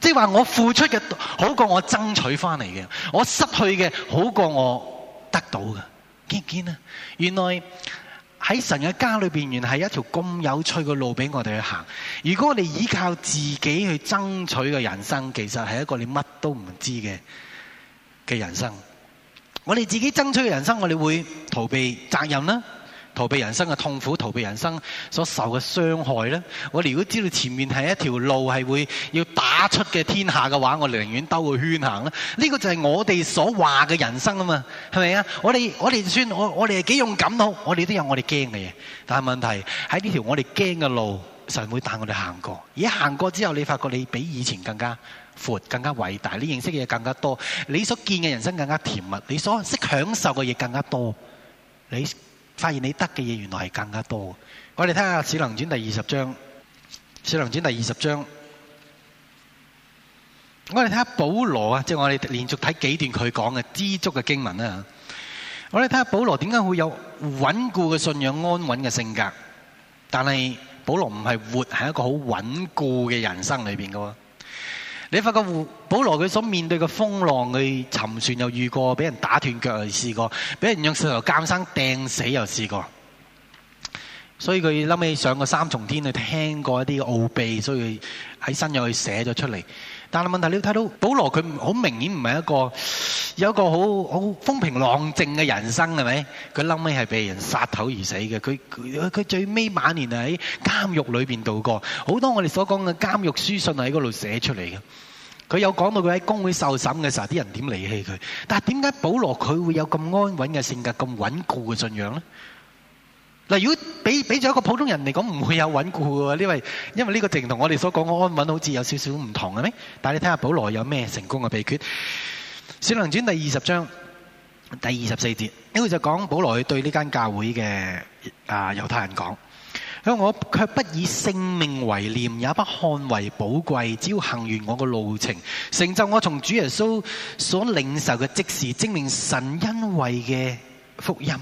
即係話我付出嘅，好過我爭取翻嚟嘅，我失去嘅，好過我得到嘅，見唔見啊？原來喺神嘅家裏邊，原係一條咁有趣嘅路俾我哋去行。如果我哋依靠自己去爭取嘅人生，其實係一個你乜都唔知嘅嘅人生。我哋自己爭取嘅人生，我哋會逃避責任啦。逃避人生嘅痛苦，逃避人生所受嘅傷害咧。我哋如果知道前面係一條路，係會要打出嘅天下嘅話，我寧願兜個圈行啦。呢、這個就係我哋所話嘅人生啊嘛，係咪啊？我哋我哋算我我哋係幾勇敢咯？我哋都，都有我哋驚嘅嘢，但問題喺呢條我哋驚嘅路上，神會帶我哋行過。而行過之後，你發覺你比以前更加闊，更加偉大，你認識嘅嘢更加多，你所見嘅人生更加甜蜜，你所識享受嘅嘢更加多，你。發現你得嘅嘢，原來係更加多。我哋睇下《使徒行傳》第二十章，《使徒行傳》第二十章。我哋睇下保羅啊，即係我哋連續睇幾段佢講嘅知足嘅經文啦。我哋睇下保羅點解會有穩固嘅信仰，安穩嘅性格？但係保羅唔係活喺一個好穩固嘅人生裏邊噶。你發覺？保羅佢所面對嘅風浪，佢沉船又遇過，俾人打斷腳又試過，俾人用石頭監生掟死，又試過，所以佢諗起上個三重天，佢聽過一啲奧秘，所以喺身上去寫咗出嚟。但係問題你要睇到保羅佢好明顯唔係一個有一個好好風平浪靜嘅人生，係咪？佢後屘係俾人殺頭而死嘅。佢佢最尾晚年係喺監獄裏邊度過，好多我哋所講嘅監獄書信係喺嗰度寫出嚟嘅。佢有講到佢喺公會受審嘅時候，啲人點離棄佢？但係點解保羅佢會有咁安穩嘅性格、咁穩固嘅信仰呢？嗱，如果畀畀咗一個普通人嚟講，唔會有穩固嘅，因為因為呢個正同我哋所講嘅安穩好似有少少唔同嘅咩？但係你睇下保羅有咩成功嘅秘訣？《小梁傳》第二十章第二十四節，佢就講保羅對呢間教會嘅啊猶太人講。我卻不以性命為念，也不看為寶貴，只要行完我個路程，成就我從主耶穌所領受嘅職事，證明神恩惠嘅福音。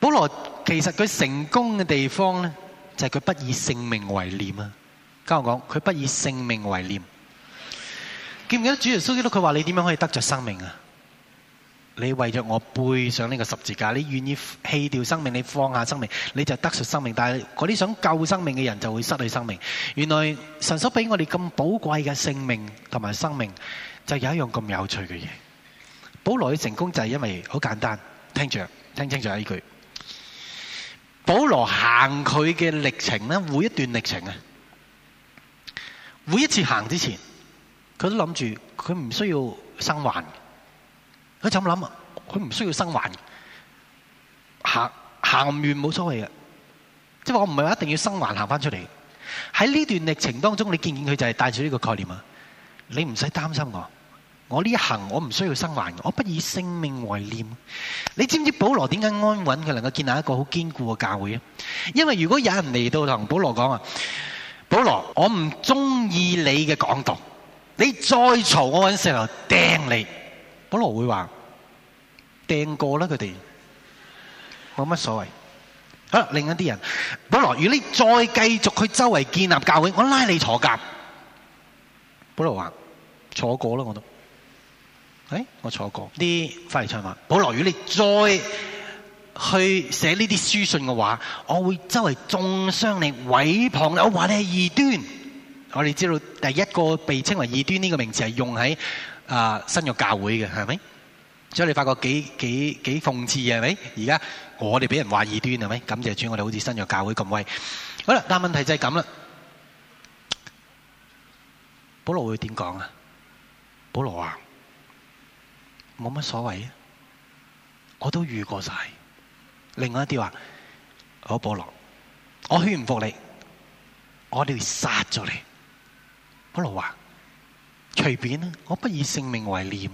保羅其實佢成功嘅地方呢，就係佢不以性命為念啊！跟我講，佢不以性命為念。記唔記得主耶穌基督佢話你點樣可以得着生命啊？你為着我背上呢個十字架，你願意棄掉生命，你放下生命，你就得出生命。但係嗰啲想救生命嘅人就會失去生命。原來神所俾我哋咁寶貴嘅性命同埋生命，就有一樣咁有趣嘅嘢。保羅嘅成功就係因為好簡單，聽住，聽清楚呢句。保羅行佢嘅歷程，每一段歷程啊，每一次行之前，佢都諗住佢唔需要生還。佢就咁諗啊！佢唔需要生還，行行完冇所謂嘅，即係我唔係話一定要生還行翻出嚟。喺呢段歷程當中，你見見佢就係帶住呢個概念啊！你唔使擔心我，我呢一行我唔需要生還，我不以性命為念。你知唔知保羅點解安穩佢能夠建立一個好堅固嘅教會啊？因為如果有人嚟到同保羅講啊，保羅，我唔中意你嘅講道，你再嘈我，我石頭掟你。保羅會話掟過啦，佢哋冇乜所謂。好、啊、啦，另一啲人保羅，如果你再繼續去周圍建立教會，我拉你坐監。保羅話坐過啦，我都。誒、哎，我坐過。啲翻嚟唱嘛。保羅，如果你再去寫呢啲書信嘅話，我會周圍中傷你、毀謗你，我話你係異端。我哋知道第一個被稱為異端呢個名詞係用喺。啊、uh，新約教會嘅係咪？所以你發覺幾幾幾諷刺嘅係咪？而家我哋俾人話異端係咪？感謝主，我哋好似新約教會咁威。好啦，但問題就係咁啦。保羅會點講啊？保羅話、啊：冇乜所謂啊！我都遇過晒。另外一啲話：我保羅，我勸唔服你，我哋殺咗你。保羅話、啊。隨便啊！我不以性命為念。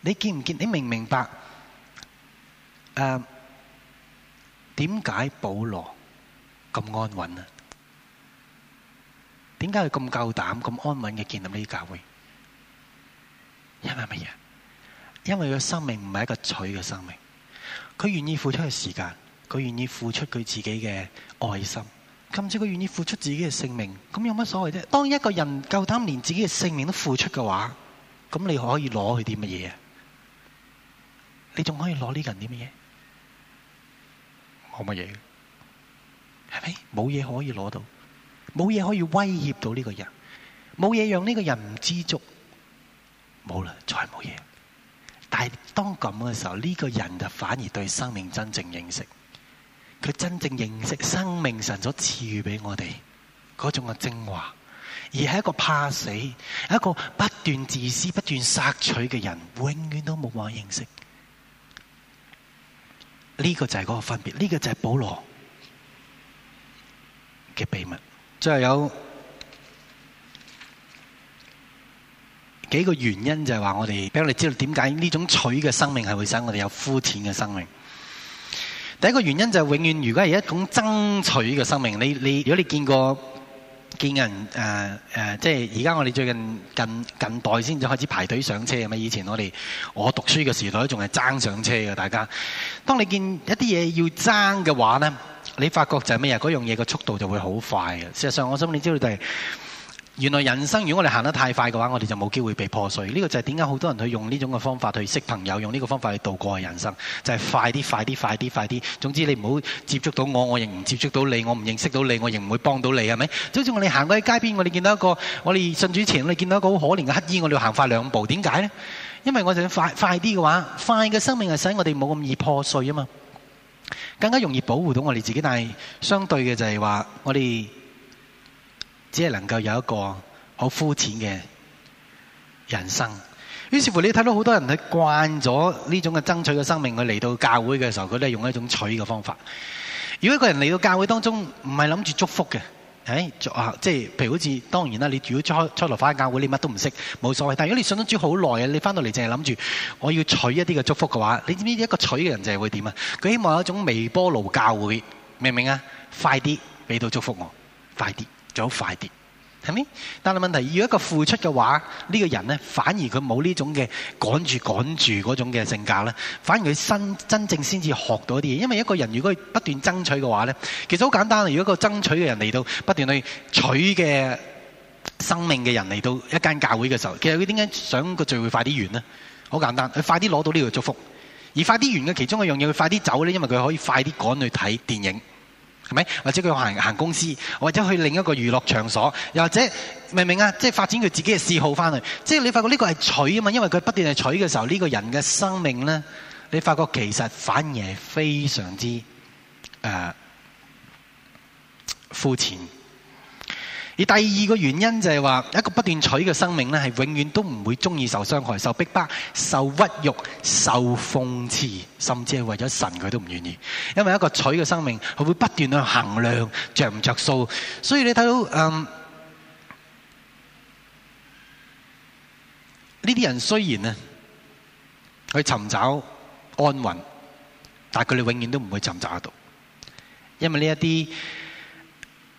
你見唔見？你明唔明白？誒，點解保羅咁安穩啊？點解佢咁夠膽、咁安穩嘅建立呢啲教會？因為乜嘢？因為佢個生命唔係一個取嘅生命。佢願意付出嘅時間，佢願意付出佢自己嘅愛心。甚至佢願意付出自己嘅性命，咁有乜所謂啫？當一個人夠膽連自己嘅性命都付出嘅話，咁你可以攞佢啲乜嘢？你仲可以攞呢個人啲乜嘢？冇乜嘢，係咪？冇嘢可以攞到，冇嘢可以威脅到呢個人，冇嘢讓呢個人唔知足，冇啦，再冇嘢。但係當咁嘅時候，呢個人就反而對生命真正認識。佢真正認識生命，神所賜予俾我哋嗰種嘅精華，而係一個怕死、一個不斷自私、不斷索取嘅人，永遠都冇話認識。呢、這個就係嗰個分別，呢、這個就係保羅嘅秘密。最後，有幾個原因就係話我哋俾我哋知道點解呢種取嘅生命係會使我哋有膚淺嘅生命。第一個原因就係永遠，如果係一種爭取嘅生命，你你如果你見過見人誒誒、呃呃，即係而家我哋最近近近代先至開始排隊上車啊嘛！以前我哋我讀書嘅時代仲係爭上車嘅，大家。當你見一啲嘢要爭嘅話呢，你發覺就係咩啊？嗰樣嘢嘅速度就會好快嘅。事實上，我想你知道就係。原來人生如果我哋行得太快嘅話，我哋就冇機會被破碎。呢個就係點解好多人去用呢種嘅方法去識朋友，用呢個方法去度過人生，就係快啲、快啲、快啲、快啲。總之你唔好接觸到我，我亦唔接觸到你，我唔認識到你，我亦唔會幫到你，係咪？就好似我哋行過喺街邊，我哋見到一個，我哋順主前，我哋見到一個好可憐嘅乞兒，我哋要行快兩步。點解呢？因為我哋快快啲嘅話，快嘅生命係使我哋冇咁易破碎啊嘛，更加容易保護到我哋自己。但係相對嘅就係話，我哋。只係能夠有一個好膚淺嘅人生，於是乎你睇到好多人喺慣咗呢種嘅爭取嘅生命，佢嚟到教會嘅時候，佢都係用一種取嘅方法。如果一個人嚟到教會當中唔係諗住祝福嘅，誒、哎，即係、啊就是、譬如好似當然啦，你如果初初頭翻教會，你乜都唔識，冇所謂。但係如果你信咗主好耐啊，你翻到嚟淨係諗住我要取一啲嘅祝福嘅話，你知唔知一個取嘅人就係會點啊？佢希望有一種微波爐教會，明唔明啊？快啲俾到祝福我，快啲！就好快啲，係咪？但係問題，如果一個付出嘅話，呢個人呢，反而佢冇呢種嘅趕住趕住嗰種嘅性格呢，反而佢新真正先至學到啲嘢。因為一個人如果不斷爭取嘅話呢，其實好簡單。如果一個爭取嘅人嚟到不斷去取嘅生命嘅人嚟到一間教會嘅時候，其實佢點解想個聚會快啲完呢？好簡單，佢快啲攞到呢個祝福，而快啲完嘅其中一樣嘢，佢快啲走呢，因為佢可以快啲趕去睇電影。係咪？或者佢行行公司，或者去另一個娛樂場所，又或者明唔明啊？即係發展佢自己嘅嗜好翻去，即係你發覺呢個係取啊嘛，因為佢不斷係取嘅時候，呢個人嘅生命咧，你發覺其實反而係非常之誒膚淺。而第二個原因就係話，一個不斷取嘅生命咧，係永遠都唔會鍾意受傷害、受逼迫、受屈辱、受諷刺，甚至係為咗神佢都唔願意，因為一個取嘅生命，佢會不斷去衡量着唔着數。所以你睇到嗯呢啲人雖然咧去尋找安穩，但係佢哋永遠都唔會尋找得到，因為呢一啲。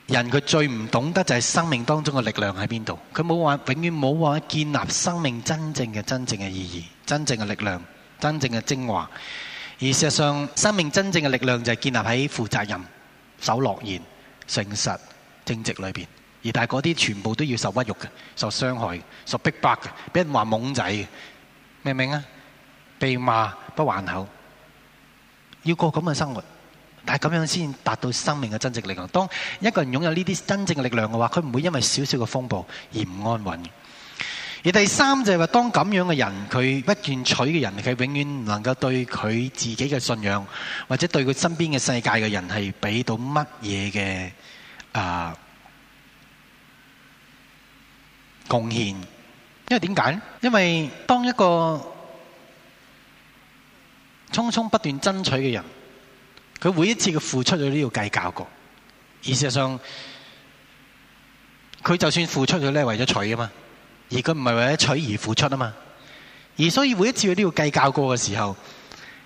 人佢最唔懂得就係生命當中嘅力量喺邊度，佢冇話永遠冇話建立生命真正嘅真正嘅意義、真正嘅力量、真正嘅精華。而事實上，生命真正嘅力量就係建立喺負責任、守諾言、誠實、正直裏邊。而但係嗰啲全部都要受屈辱嘅、受傷害嘅、受逼迫嘅，俾人話懵仔嘅，明唔明啊？被罵不還口，要過咁嘅生活。但係咁樣先達到生命嘅真正力量。當一個人擁有呢啲真正嘅力量嘅話，佢唔會因為少少嘅風暴而唔安穩。而第三就係話，當咁樣嘅人，佢不斷取嘅人，佢永遠唔能夠對佢自己嘅信仰，或者對佢身邊嘅世界嘅人是的，係俾到乜嘢嘅啊貢獻？因為點解呢？因為當一個匆匆不斷爭取嘅人。佢每一次嘅付出佢都要計較過，而事實上佢就算付出咗咧，為咗取啊嘛，而佢唔係為咗取而付出啊嘛，而所以每一次佢都要計較過嘅時候，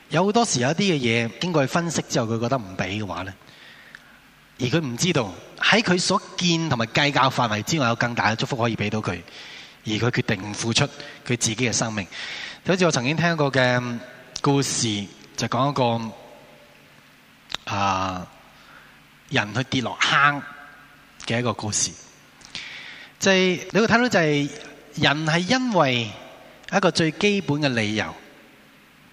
有好多時候有一啲嘅嘢經過佢分析之後，佢覺得唔俾嘅話咧，而佢唔知道喺佢所見同埋計較範圍之外，有更大嘅祝福可以俾到佢，而佢決定唔付出佢自己嘅生命，就好似我曾經聽過嘅故事，就講一個。啊！人去跌落坑嘅一個故事，就係、是、你會睇到、就是，就係人係因為一個最基本嘅理由，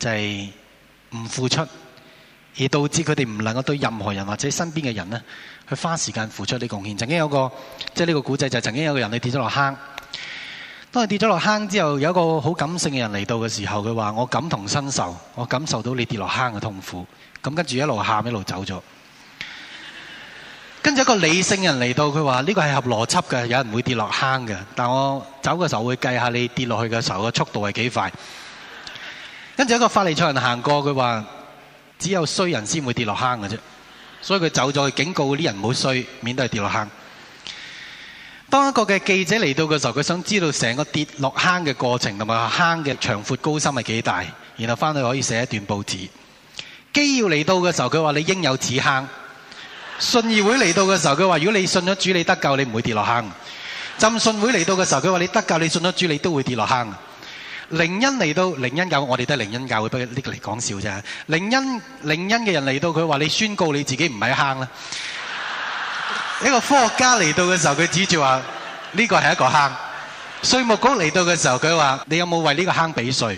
就係、是、唔付出，而導致佢哋唔能夠對任何人或者身邊嘅人咧，去花時間付出啲貢獻。曾經有個即係呢個古仔，就係曾經有個人你跌咗落坑。因為跌咗落坑之後，有一個好感性嘅人嚟到嘅時候，佢話：我感同身受，我感受到你跌落坑嘅痛苦。咁跟住一路喊一路走咗。跟住一個理性人嚟到，佢話呢個係合邏輯嘅，有人會跌落坑嘅。但我走嘅時候會計下你跌落去嘅時候嘅速度係幾快。跟住一個法利賽人行過，佢話只有衰人先會跌落坑嘅啫。所以佢走咗，去警告啲人唔好衰，免得跌落坑。當一個嘅記者嚟到嘅時候，佢想知道成個跌落坑嘅過程，同埋坑嘅長闊高深係幾大，然後翻去可以寫一段報紙。基要嚟到嘅時候，佢話你應有此坑；信義會嚟到嘅時候，佢話如果你信咗主，你得救，你唔會跌落坑。浸信會嚟到嘅時候，佢話你得救，你信咗主，你都會跌落坑。靈恩嚟到，靈恩教我哋都係靈恩教會，不如拎嚟講笑啫。靈恩靈恩嘅人嚟到，佢話你宣告你自己唔係坑啦。一個，科學家嚟到嘅時候，佢指住話呢個係一個坑。稅務局嚟到嘅時候，佢話你有冇為呢個坑畀稅？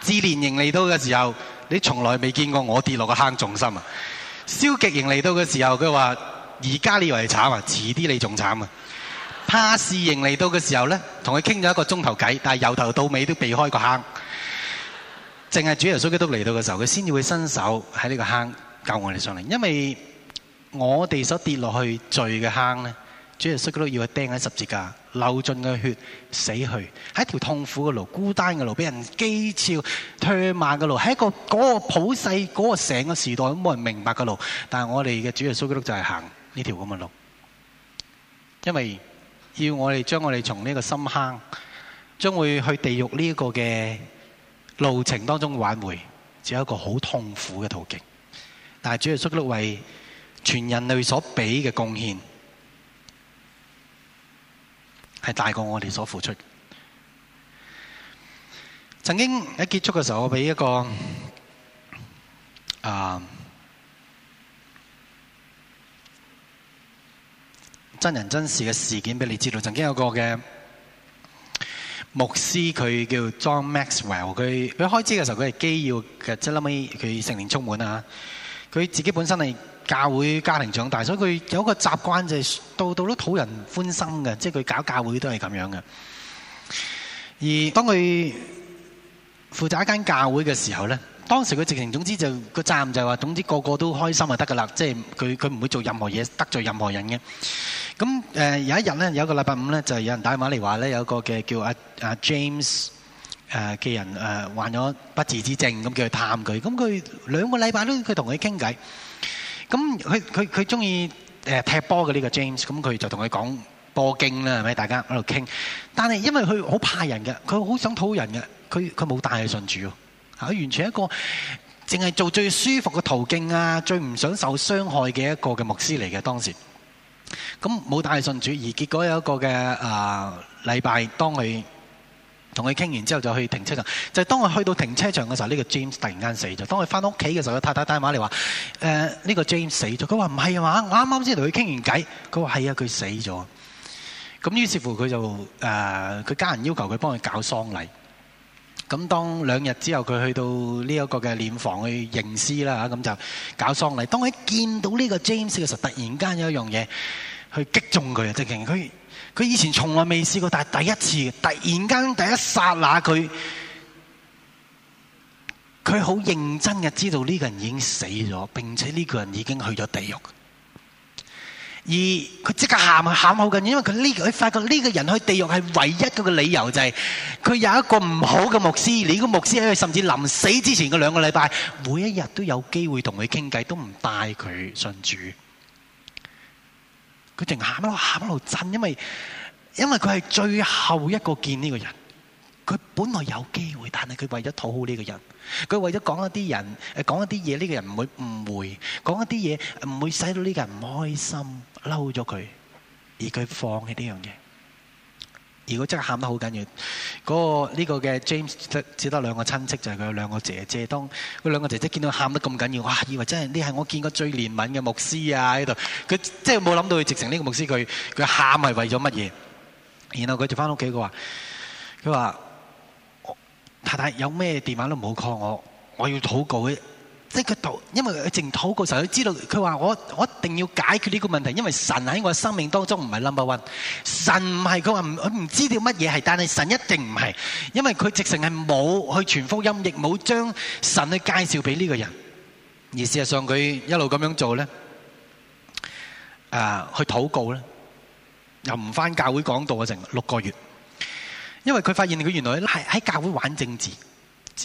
自憐型嚟到嘅時候，你從來未見過我跌落個坑重心啊！消極型嚟到嘅時候，佢話而家你以為係慘啊，遲啲你仲慘啊！怕事型嚟到嘅時候咧，同佢傾咗一個鐘頭偈，但係由頭到尾都避開個坑，淨係主耶穌基督嚟到嘅時候，佢先至會伸手喺呢個坑救我哋上嚟，因為。我哋所跌落去罪嘅坑呢，主耶穌基督要佢釘喺十字架，流盡嘅血，死去喺條痛苦嘅路，孤單嘅路，俾人譏笑，唾罵嘅路，喺一個、嗰個普世嗰、嗰個成個時代都冇人明白嘅路。但係我哋嘅主耶穌基督就係行呢條咁嘅路，因為要我哋將我哋從呢個深坑，將會去地獄呢一個嘅路程當中挽回，只有一個好痛苦嘅途徑。但係主耶穌基督為，全人類所俾嘅貢獻係大過我哋所付出。曾經喺結束嘅時候，我俾一個、啊、真人真事嘅事件俾你知道。曾經有個嘅牧師，佢叫 John Maxwell，佢，佢開支嘅時候，佢係基要嘅，教會家庭長大，所以佢有一個習慣就係、是、到到都討人歡心嘅，即係佢搞教會都係咁樣嘅。而當佢負責一間教會嘅時候咧，當時佢直情，總之就個責任就係話，總之個個都開心就得噶啦，即係佢佢唔會做任何嘢，得罪任何人嘅。咁誒有一日咧，有一個禮拜五咧，就有人打電話嚟話咧，有個嘅叫阿、啊、阿、啊、James 誒嘅人誒患咗不治之症，咁叫佢探佢。咁佢兩個禮拜都去佢同佢傾偈。咁佢佢佢中意踢波嘅呢個 James，咁佢就同佢講波經啦，係咪？大家喺度傾，但係因為佢好怕人嘅，佢好想討人嘅，佢佢冇帶去信主喎，佢完全一個淨係做最舒服嘅途徑啊，最唔想受傷害嘅一個嘅牧師嚟嘅當時，咁冇帶去信主，而結果有一個嘅啊禮拜當佢。同佢傾完之後就去停車場，就係當佢去到停車場嘅時候，呢個 James 突然間死咗。當佢翻屋企嘅時候，佢太太帶埋嚟話，誒呢個 James 死咗。佢話唔係啊嘛，我啱啱先同佢傾完偈。佢話係啊，佢死咗。咁於是乎佢就誒，佢家人要求佢幫佢搞喪禮。咁當兩日之後佢去到呢一個嘅殮房去認屍啦，咁就搞喪禮。當佢見到呢個 James 嘅時候，突然間有一樣嘢去擊中佢啊！即係佢。佢以前從來未試過，但係第一次突然間，第一剎那，佢佢好認真嘅知道呢個人已經死咗，並且呢個人已經去咗地獄。而佢即刻喊啊喊好緊，因為佢呢佢發覺呢個人去地獄係唯一嗰個理由就係、是、佢有一個唔好嘅牧師。你、這個牧師喺佢甚至臨死之前嘅兩個禮拜，每一日都有機會同佢傾偈，都唔帶佢信主。佢淨喊一路，喊一路震，因為因為佢係最後一個見呢個人。佢本來有機會，但係佢為咗討好呢個人，佢為咗講一啲人誒，講一啲嘢，呢個人唔會誤會，講一啲嘢唔會使到呢個人唔開心，嬲咗佢，而佢放棄呢樣嘢。如果真係喊得好緊要，嗰個呢個嘅 James 只得兩個親戚，就係佢兩個姐姐。當佢兩個姐姐見到佢喊得咁緊要，哇！以為真係呢係我見過最憐憫嘅牧師啊！喺度，佢即係冇諗到佢直情呢個牧師，佢佢喊係為咗乜嘢？然後佢就翻屋企，佢話：佢話太太有咩電話都唔好 call 我，我要禱告。即佢禱，因為佢淨禱告嘅時候，佢知道佢話，我我一定要解決呢個問題，因為神喺我生命當中唔係 number one，神唔係佢話唔佢唔知道乜嘢係，但係神一定唔係，因為佢直情係冇去傳福音，亦冇將神去介紹俾呢個人，而事實上佢一路咁樣做咧，誒去禱告咧，又唔返教會講道啊，成六個月，因為佢發現佢原來係喺教會玩政治，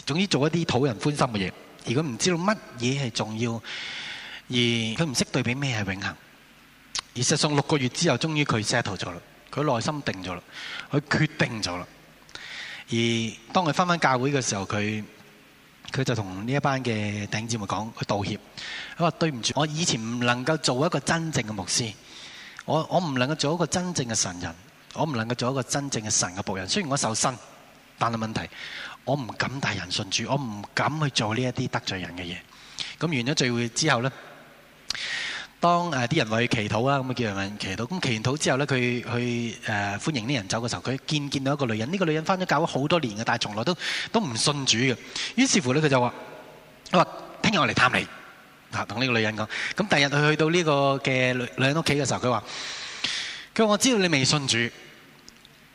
總之做一啲討人歡心嘅嘢。如果唔知道乜嘢係重要，而佢唔識對比咩係永恆，而實際上六個月之後，終於佢 settle 咗啦，佢內心定咗啦，佢決定咗啦。而當佢翻返教會嘅時候，佢佢就同呢一班嘅頂姊妹講，佢道歉。佢話對唔住，我以前唔能夠做一個真正嘅牧師，我我唔能夠做一個真正嘅神人，我唔能夠做一個真正嘅神嘅僕人。雖然我受身，但係問題。我唔敢大人信主，我唔敢去做呢一啲得罪人嘅嘢。咁完咗聚會之後咧，當誒啲人落去祈禱啊，咁啊叫人問祈禱。咁祈完禱之後咧，佢去誒歡迎啲人走嘅時候，佢見見到一個女人。呢個女人翻咗教會好多年嘅，但係從來都都唔信主嘅。於是乎咧，佢就話：，佢話聽日我嚟探你，啊，同呢個女人講。咁第日佢去到呢個嘅女女人屋企嘅時候，佢話：，佢話我知道你未信主，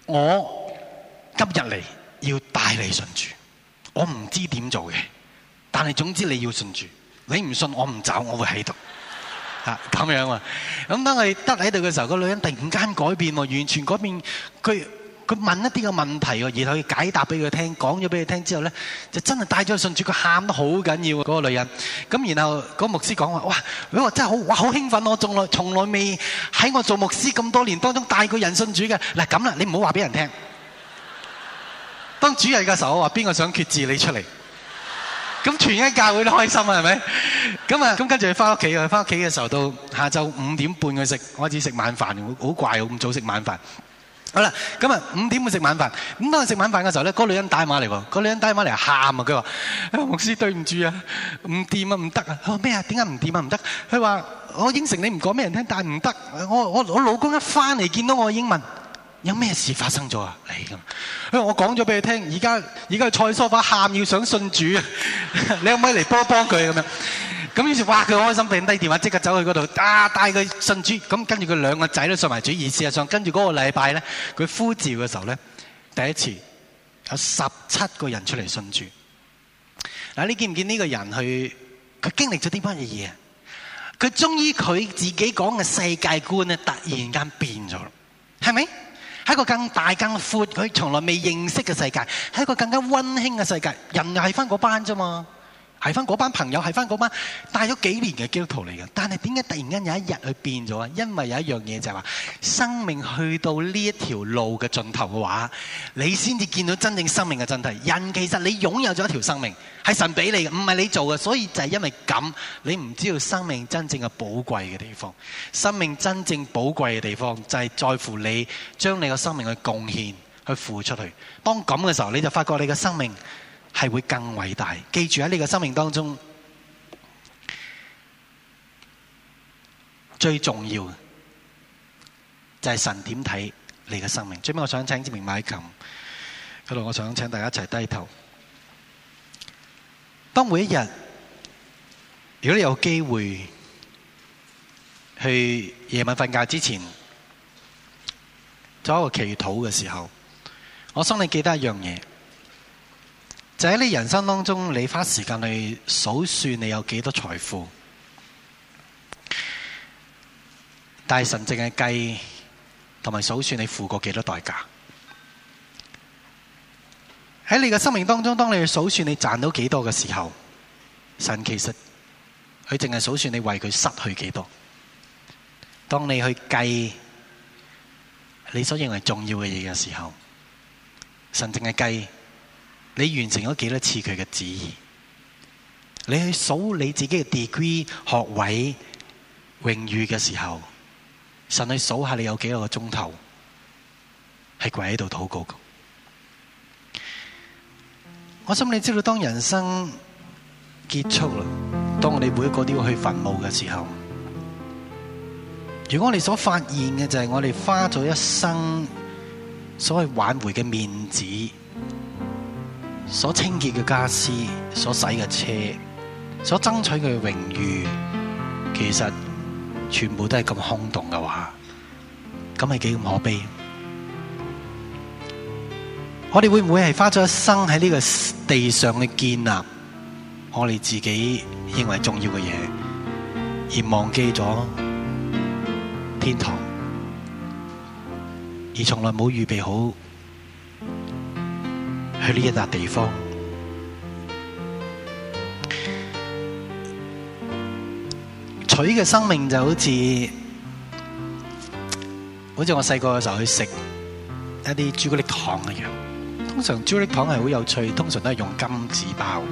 我今日嚟。要帶你信主，我唔知點做嘅，但係總之你要信主。你唔信我唔走，我會喺度啊咁樣啊。咁當佢得喺度嘅時候，個女人突然間改變喎，完全改變。佢佢問一啲嘅問題喎，然後佢解答俾佢聽，講咗俾佢聽之後咧，就真係帶咗佢信主。佢喊得好緊要啊！嗰個女人咁，然後個牧師講話：哇！我真係好哇，好興奮咯！從來從來未喺我做牧師咁多年當中帶過人信主嘅。嗱，咁啦，你唔好話俾人聽。當主日嘅時候，我話邊個想決志你出嚟？咁全一教會都開心啊，係咪？咁啊，咁跟住去翻屋企啊，翻屋企嘅時候到下晝五點半去食，開始食晚飯，好怪，好咁早食晚飯。好啦，咁啊五點去食晚飯。咁當食晚飯嘅時候咧，嗰女人打電話嚟喎，嗰女人打電話嚟喊啊，佢話牧師，對唔住啊，唔掂啊，唔得啊。佢話咩啊？點解唔掂啊？唔得？佢話我應承你唔講俾人聽，但係唔得。我我我老公一翻嚟見到我英文。有咩事發生咗啊？你咁，我講咗俾佢聽，而家而家蔡 sofa 喊要想信主啊， 你有冇嚟幫幫佢咁樣？咁 於是，哇！佢開心抌低電話，即刻走去嗰度啊，帶佢信主。咁跟住佢兩個仔都信埋主。而事實上，跟住嗰個禮拜咧，佢呼召嘅時候咧，第一次有十七個人出嚟信主。嗱，你見唔見呢個人去？佢經歷咗啲乜嘢嘢？佢終於佢自己講嘅世界觀咧，突然間變咗，係咪？喺一個更大、更闊，佢從來未認識嘅世界，喺一個更加溫馨嘅世界。人又係返嗰班啫嘛。係翻嗰班朋友，係翻嗰班帶咗幾年嘅基督徒嚟嘅，但係點解突然間有一日佢變咗啊？因為有一樣嘢就係話，生命去到呢一條路嘅盡頭嘅話，你先至見到真正生命嘅真諦。人其實你擁有咗一條生命，係神俾你嘅，唔係你做嘅，所以就係因為咁，你唔知道生命真正嘅寶貴嘅地方。生命真正寶貴嘅地方就係在乎你將你個生命去貢獻、去付出去。當咁嘅時候，你就發覺你嘅生命。係會更偉大。記住喺你個生命當中，最重要嘅就係神點睇你嘅生命。最尾我想請志明買琴，咁樣我想請大家一齊低頭。當每一日，如果你有機會去夜晚瞓覺之前做一個祈禱嘅時候，我想你記得一樣嘢。就係，在你人生當中，你花時間去數算你有幾多財富，但是神淨係計同埋數算你付過幾多代價。喺你嘅生命當中，當你數算你賺到幾多的時候，神其實佢淨係數算你為佢失去幾多。當你去計你所認為重要嘅嘢嘅時候，神淨係計。你完成咗幾多次佢嘅旨意？你去數你自己嘅 degree 學位榮譽嘅時候，神去數下你有幾多個鐘頭係跪喺度禱告。我心裡知道，當人生結束啦，當我哋每一個都要去墳墓嘅時候，如果我哋所發現嘅就係我哋花咗一生所謂挽回嘅面子。所清潔嘅家私，所洗嘅車，所爭取嘅榮譽，其實全部都係咁空洞嘅話，咁係幾咁可悲？我哋會唔會係花咗一生喺呢個地上去建立我哋自己認為重要嘅嘢，而忘記咗天堂，而從來冇預備好？去呢一笪地方，取嘅生命就好似，好似我細個嘅時候去食一啲朱古力糖一樣。通常朱古力糖係好有趣，通常都係用金紙包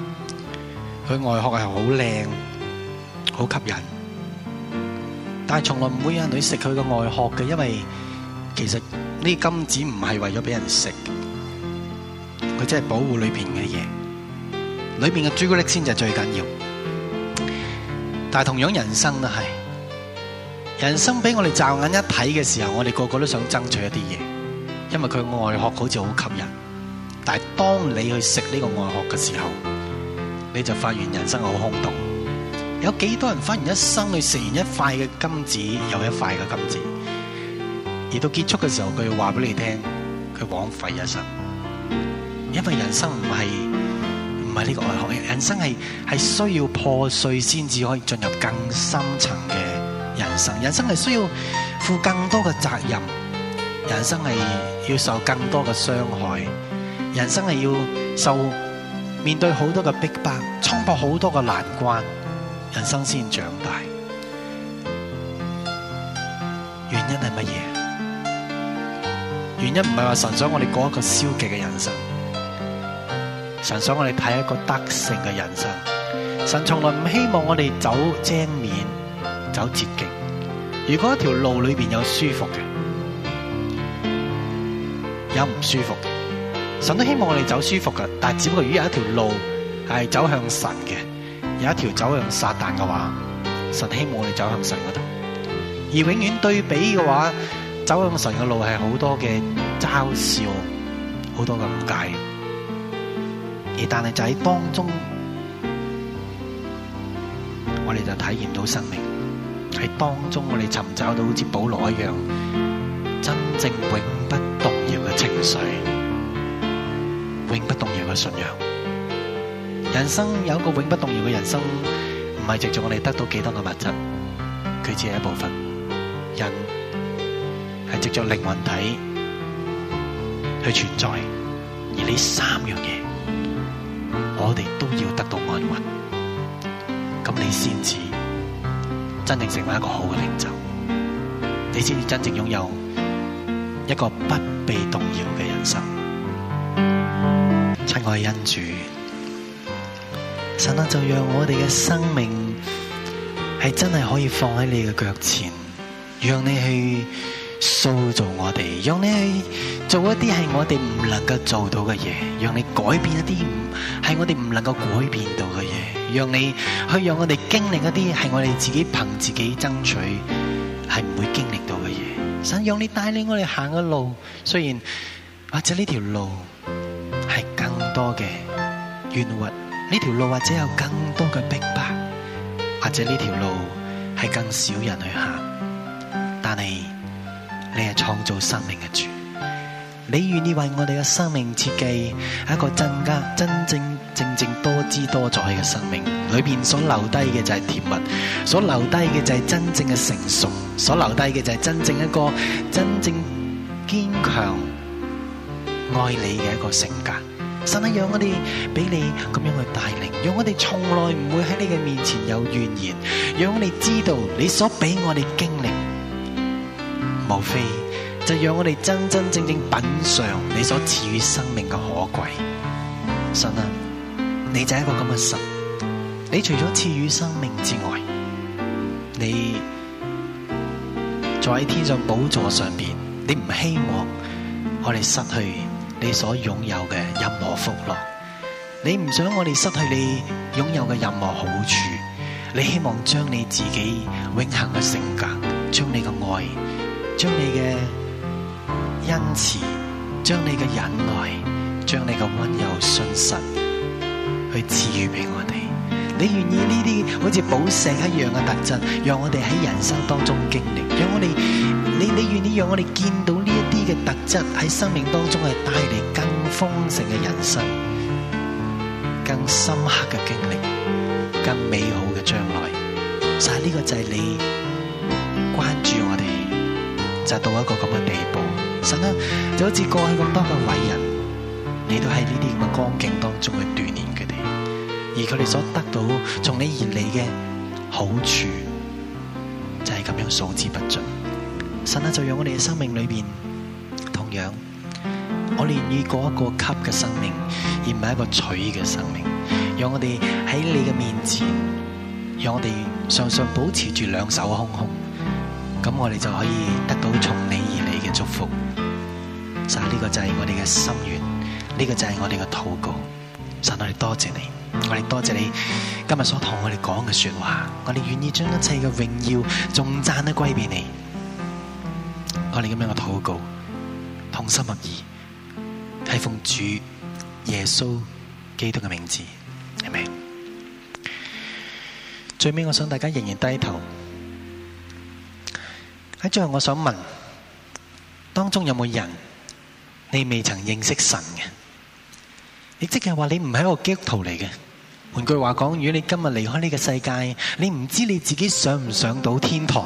是很，佢外殼係好靚，好吸引。但係從來唔會有女食佢嘅外殼嘅，因為其實呢啲金紙唔係為咗俾人食。佢真係保護裏邊嘅嘢，裏邊嘅朱古力先至係最緊要的。但係同樣人生都係，人生俾我哋驟眼一睇嘅時候，我哋個個都想爭取一啲嘢，因為佢外殼好似好吸引。但係當你去食呢個外殼嘅時候，你就發現人生好空洞。有幾多人發現一生去食完一塊嘅金子，又一塊嘅金子，而到結束嘅時候，佢話俾你聽，佢枉費一生。因為人生唔係唔係呢個愛好嘅，人生係係需要破碎先至可以進入更深層嘅人生，人生係需要負更多嘅責任，人生係要受更多嘅傷害，人生係要受面對好多嘅逼迫，衝破好多嘅難關，人生先長大。原因係乜嘢？原因唔係話神想我哋過一個消極嘅人生。神想我哋睇一個德性嘅人生，神從來唔希望我哋走正面，走捷徑。如果一條路裏邊有舒服嘅，有唔舒服嘅，神都希望我哋走舒服嘅。但係只不過如果有一條路係走向神嘅，有一條走向撒旦嘅話，神希望我哋走向神嗰度。而永遠對比嘅話，走向神嘅路係好多嘅嘲笑，好多嘅誤解。但係就喺當中，我哋就體驗到生命；喺當中，我哋尋找到好似保羅一樣真正永不動搖嘅情緒，永不動搖嘅信仰。人生有一個永不動搖嘅人生，唔係藉著我哋得到幾多嘅物質，佢只係一部分。人係藉著靈魂體去存在，而呢三樣嘢。我哋都要得到安穩，咁你先至真正成為一個好嘅領袖，你先至真正擁有一個不被動搖嘅人生。親愛恩主，神啊，就讓我哋嘅生命係真係可以放喺你嘅腳前，讓你去塑造我哋，讓你去。做一啲係我哋唔能夠做到嘅嘢，讓你改變一啲係我哋唔能夠改變到嘅嘢，讓你去讓我哋經歷一啲係我哋自己憑自己爭取係唔會經歷到嘅嘢。想，讓你帶領我哋行嘅路，雖然或者呢條路係更多嘅怨屈，呢條路或者有更多嘅逼迫，或者呢條路係更少人去行，但係你係創造生命嘅主。你願意為我哋嘅生命設計係一個增加真正正正多姿多彩嘅生命，裏邊所留低嘅就係甜蜜，所留低嘅就係真正嘅成熟，所留低嘅就係真正一個真正堅強愛你嘅一個性格。神啊，讓我哋俾你咁樣去帶領，讓我哋從來唔會喺你嘅面前有怨言、言，讓我哋知道你所俾我哋經歷，無非。就讓我哋真真正正品嘗你所賜予生命嘅可貴，神啊，你就係一個咁嘅神，你除咗賜予生命之外，你坐喺天上寶座上邊，你唔希望我哋失去你所擁有嘅任何福樂，你唔想我哋失去你擁有嘅任何好處，你希望將你自己永恆嘅性格，將你嘅愛，將你嘅。因此，將你嘅忍耐、將你嘅溫柔、信實，去賜予俾我哋。你願意呢啲好似寶石一樣嘅特質，讓我哋喺人生當中經歷，讓我哋，你你願意讓我哋見到呢一啲嘅特質喺生命當中係帶嚟更豐盛嘅人生、更深刻嘅經歷、更美好嘅將來？就係呢個就係你。就到一個咁嘅地步，神啊，就好似過去咁多嘅偉人，你都喺呢啲咁嘅光景當中去鍛煉佢哋，而佢哋所得到從你而嚟嘅好處，就係咁樣數之不盡。神啊，就讓我哋嘅生命裏邊，同樣，我哋要過一個給嘅生命，而唔係一個取嘅生命。讓我哋喺你嘅面前，讓我哋常常保持住兩手空空。咁我哋就可以得到從你而嚟嘅祝福，神呢、呢個就係我哋嘅心願，呢、呢個就係我哋嘅禱告，神，我哋多謝你，我哋多謝你今日所同我哋講嘅說話，我哋願意將一切嘅榮耀，仲讚得歸俾你，我哋咁樣嘅禱告，同心合意，係奉主耶穌基督嘅名字，係咪？最尾我想大家仍然低頭。喺最後我想問，當中有冇人你未曾認識神也即是說，你即係話你唔係一個基督徒嚟嘅？換句話講，如果你今日離開呢個世界，你唔知道你自己上唔上到天堂，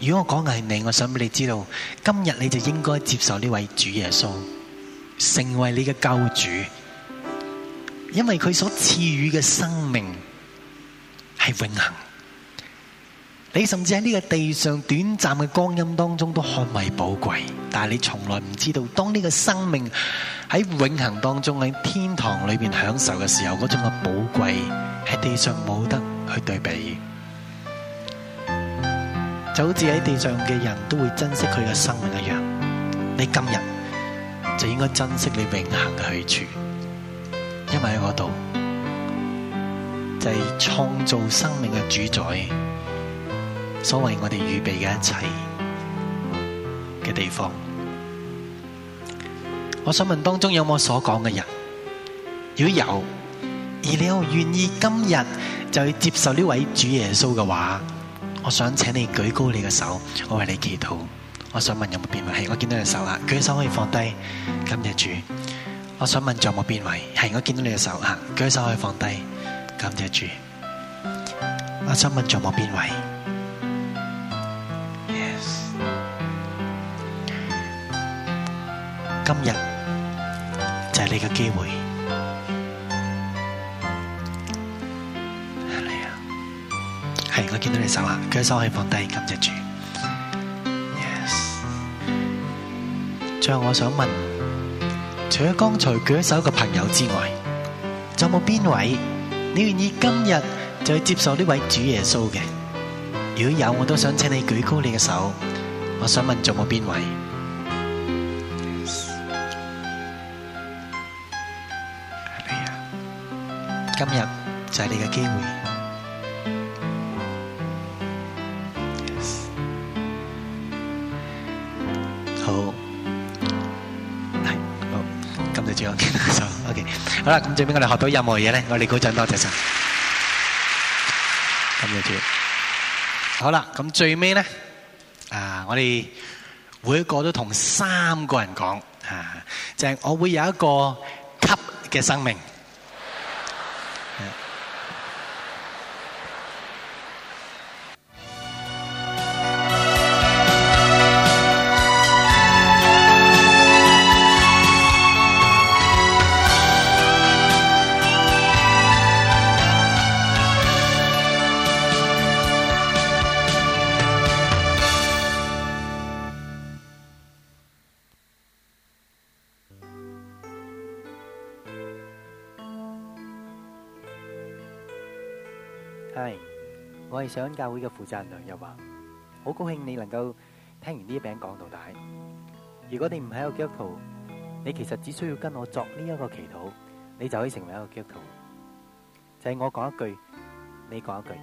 如果我講係你，我想俾你知道，今日你就應該接受呢位主耶穌，成為你嘅救主，因為佢所賜予嘅生命係永恆。你甚至喺呢個地上短暫嘅光陰當中都看為寶貴，但係你從來唔知道，當呢個生命喺永恆當中喺天堂裏邊享受嘅時候，嗰種嘅寶貴喺地上冇得去對比。就好似喺地上嘅人都會珍惜佢嘅生命一樣，你今日就應該珍惜你永恆嘅去處，因為喺嗰度就係、是、創造生命嘅主宰。所謂我哋預備嘅一切嘅地方，我想問當中有冇所講嘅人？如果有，而你要願意今日就去接受呢位主耶穌嘅話，我想請你舉高你嘅手，我為你祈禱。我想問有冇邊位？係，我見到你嘅手啦，舉手可以放低。感謝主。我想問仲有冇邊位？係，我見到你嘅手舉，舉手可以放低。感謝主。我想問仲有冇邊位？我見到你今日就係你嘅機會，係咪啊？係，我見到你手啦，舉手可以放低，感謝主。Yes，最後我想問，除咗剛才舉手嘅朋友之外，仲有冇邊位你願意今日就去接受呢位主耶穌嘅？如果有，我都想請你舉高你嘅手。我想問，仲有冇邊位？今日就係你嘅機會，好，係，好，咁就最後天啦，就 OK，好啦，咁最尾我哋學到任何嘢咧，我哋鼓掌多謝晒，咁就叫，好啦，咁最尾咧，啊，我哋每一個都同三個人講啊，就係我會有一個吸嘅生命。上教會嘅負責人又話：好高興你能夠聽完呢一篇講道大。如果你唔係一個基督徒，你其實只需要跟我作呢一個祈禱，你就可以成為一個基督徒。就係我講一句，你講一句，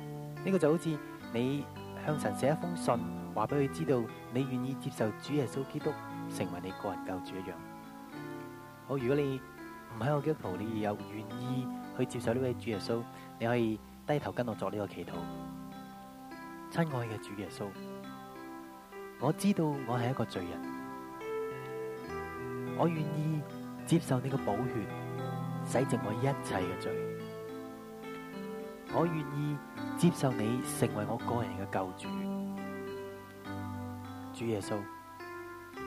呢個就好似你向神寫一封信，話俾佢知道你願意接受主耶穌基督成為你個人救主一樣。好，如果你唔係一個基督徒，你又願意去接受呢位主耶穌，你可以低頭跟我作呢個祈禱。親愛嘅主耶穌，我知道我係一個罪人，我願意接受你嘅寶血洗淨我一切嘅罪，我願意接受你成為我個人嘅救主。主耶穌，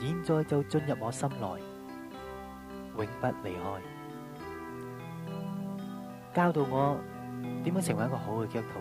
現在就進入我心內，永不離開，教導我點樣成為一個好嘅基督徒。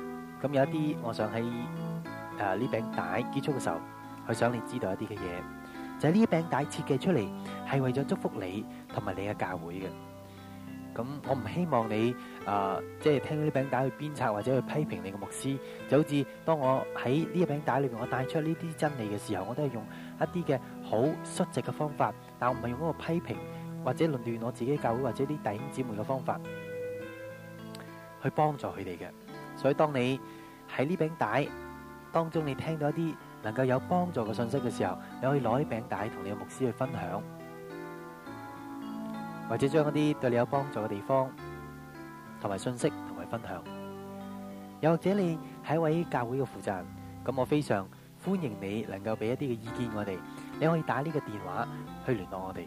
咁有一啲，我想喺誒呢餅帶結束嘅時候，去想你知道一啲嘅嘢，就係、是、呢餅帶設計出嚟係為咗祝福你同埋你嘅教會嘅。咁我唔希望你誒，即、呃、係、就是、聽到呢餅帶去鞭策，或者去批評你嘅牧師，就好似當我喺呢餅帶裏邊，我帶出呢啲真理嘅時候，我都係用一啲嘅好率直嘅方法，但我唔係用嗰個批評或者論斷我自己的教會或者啲弟兄姊妹嘅方法去幫助佢哋嘅。所以當你喺呢餅帶當中，你聽到一啲能夠有幫助嘅信息嘅時候，你可以攞呢餅帶同你嘅牧師去分享，或者將一啲對你有幫助嘅地方同埋信息同佢分享。又或者你係一位教會嘅負責人，咁我非常歡迎你能夠俾一啲嘅意見我哋。你可以打呢個電話去聯絡我哋。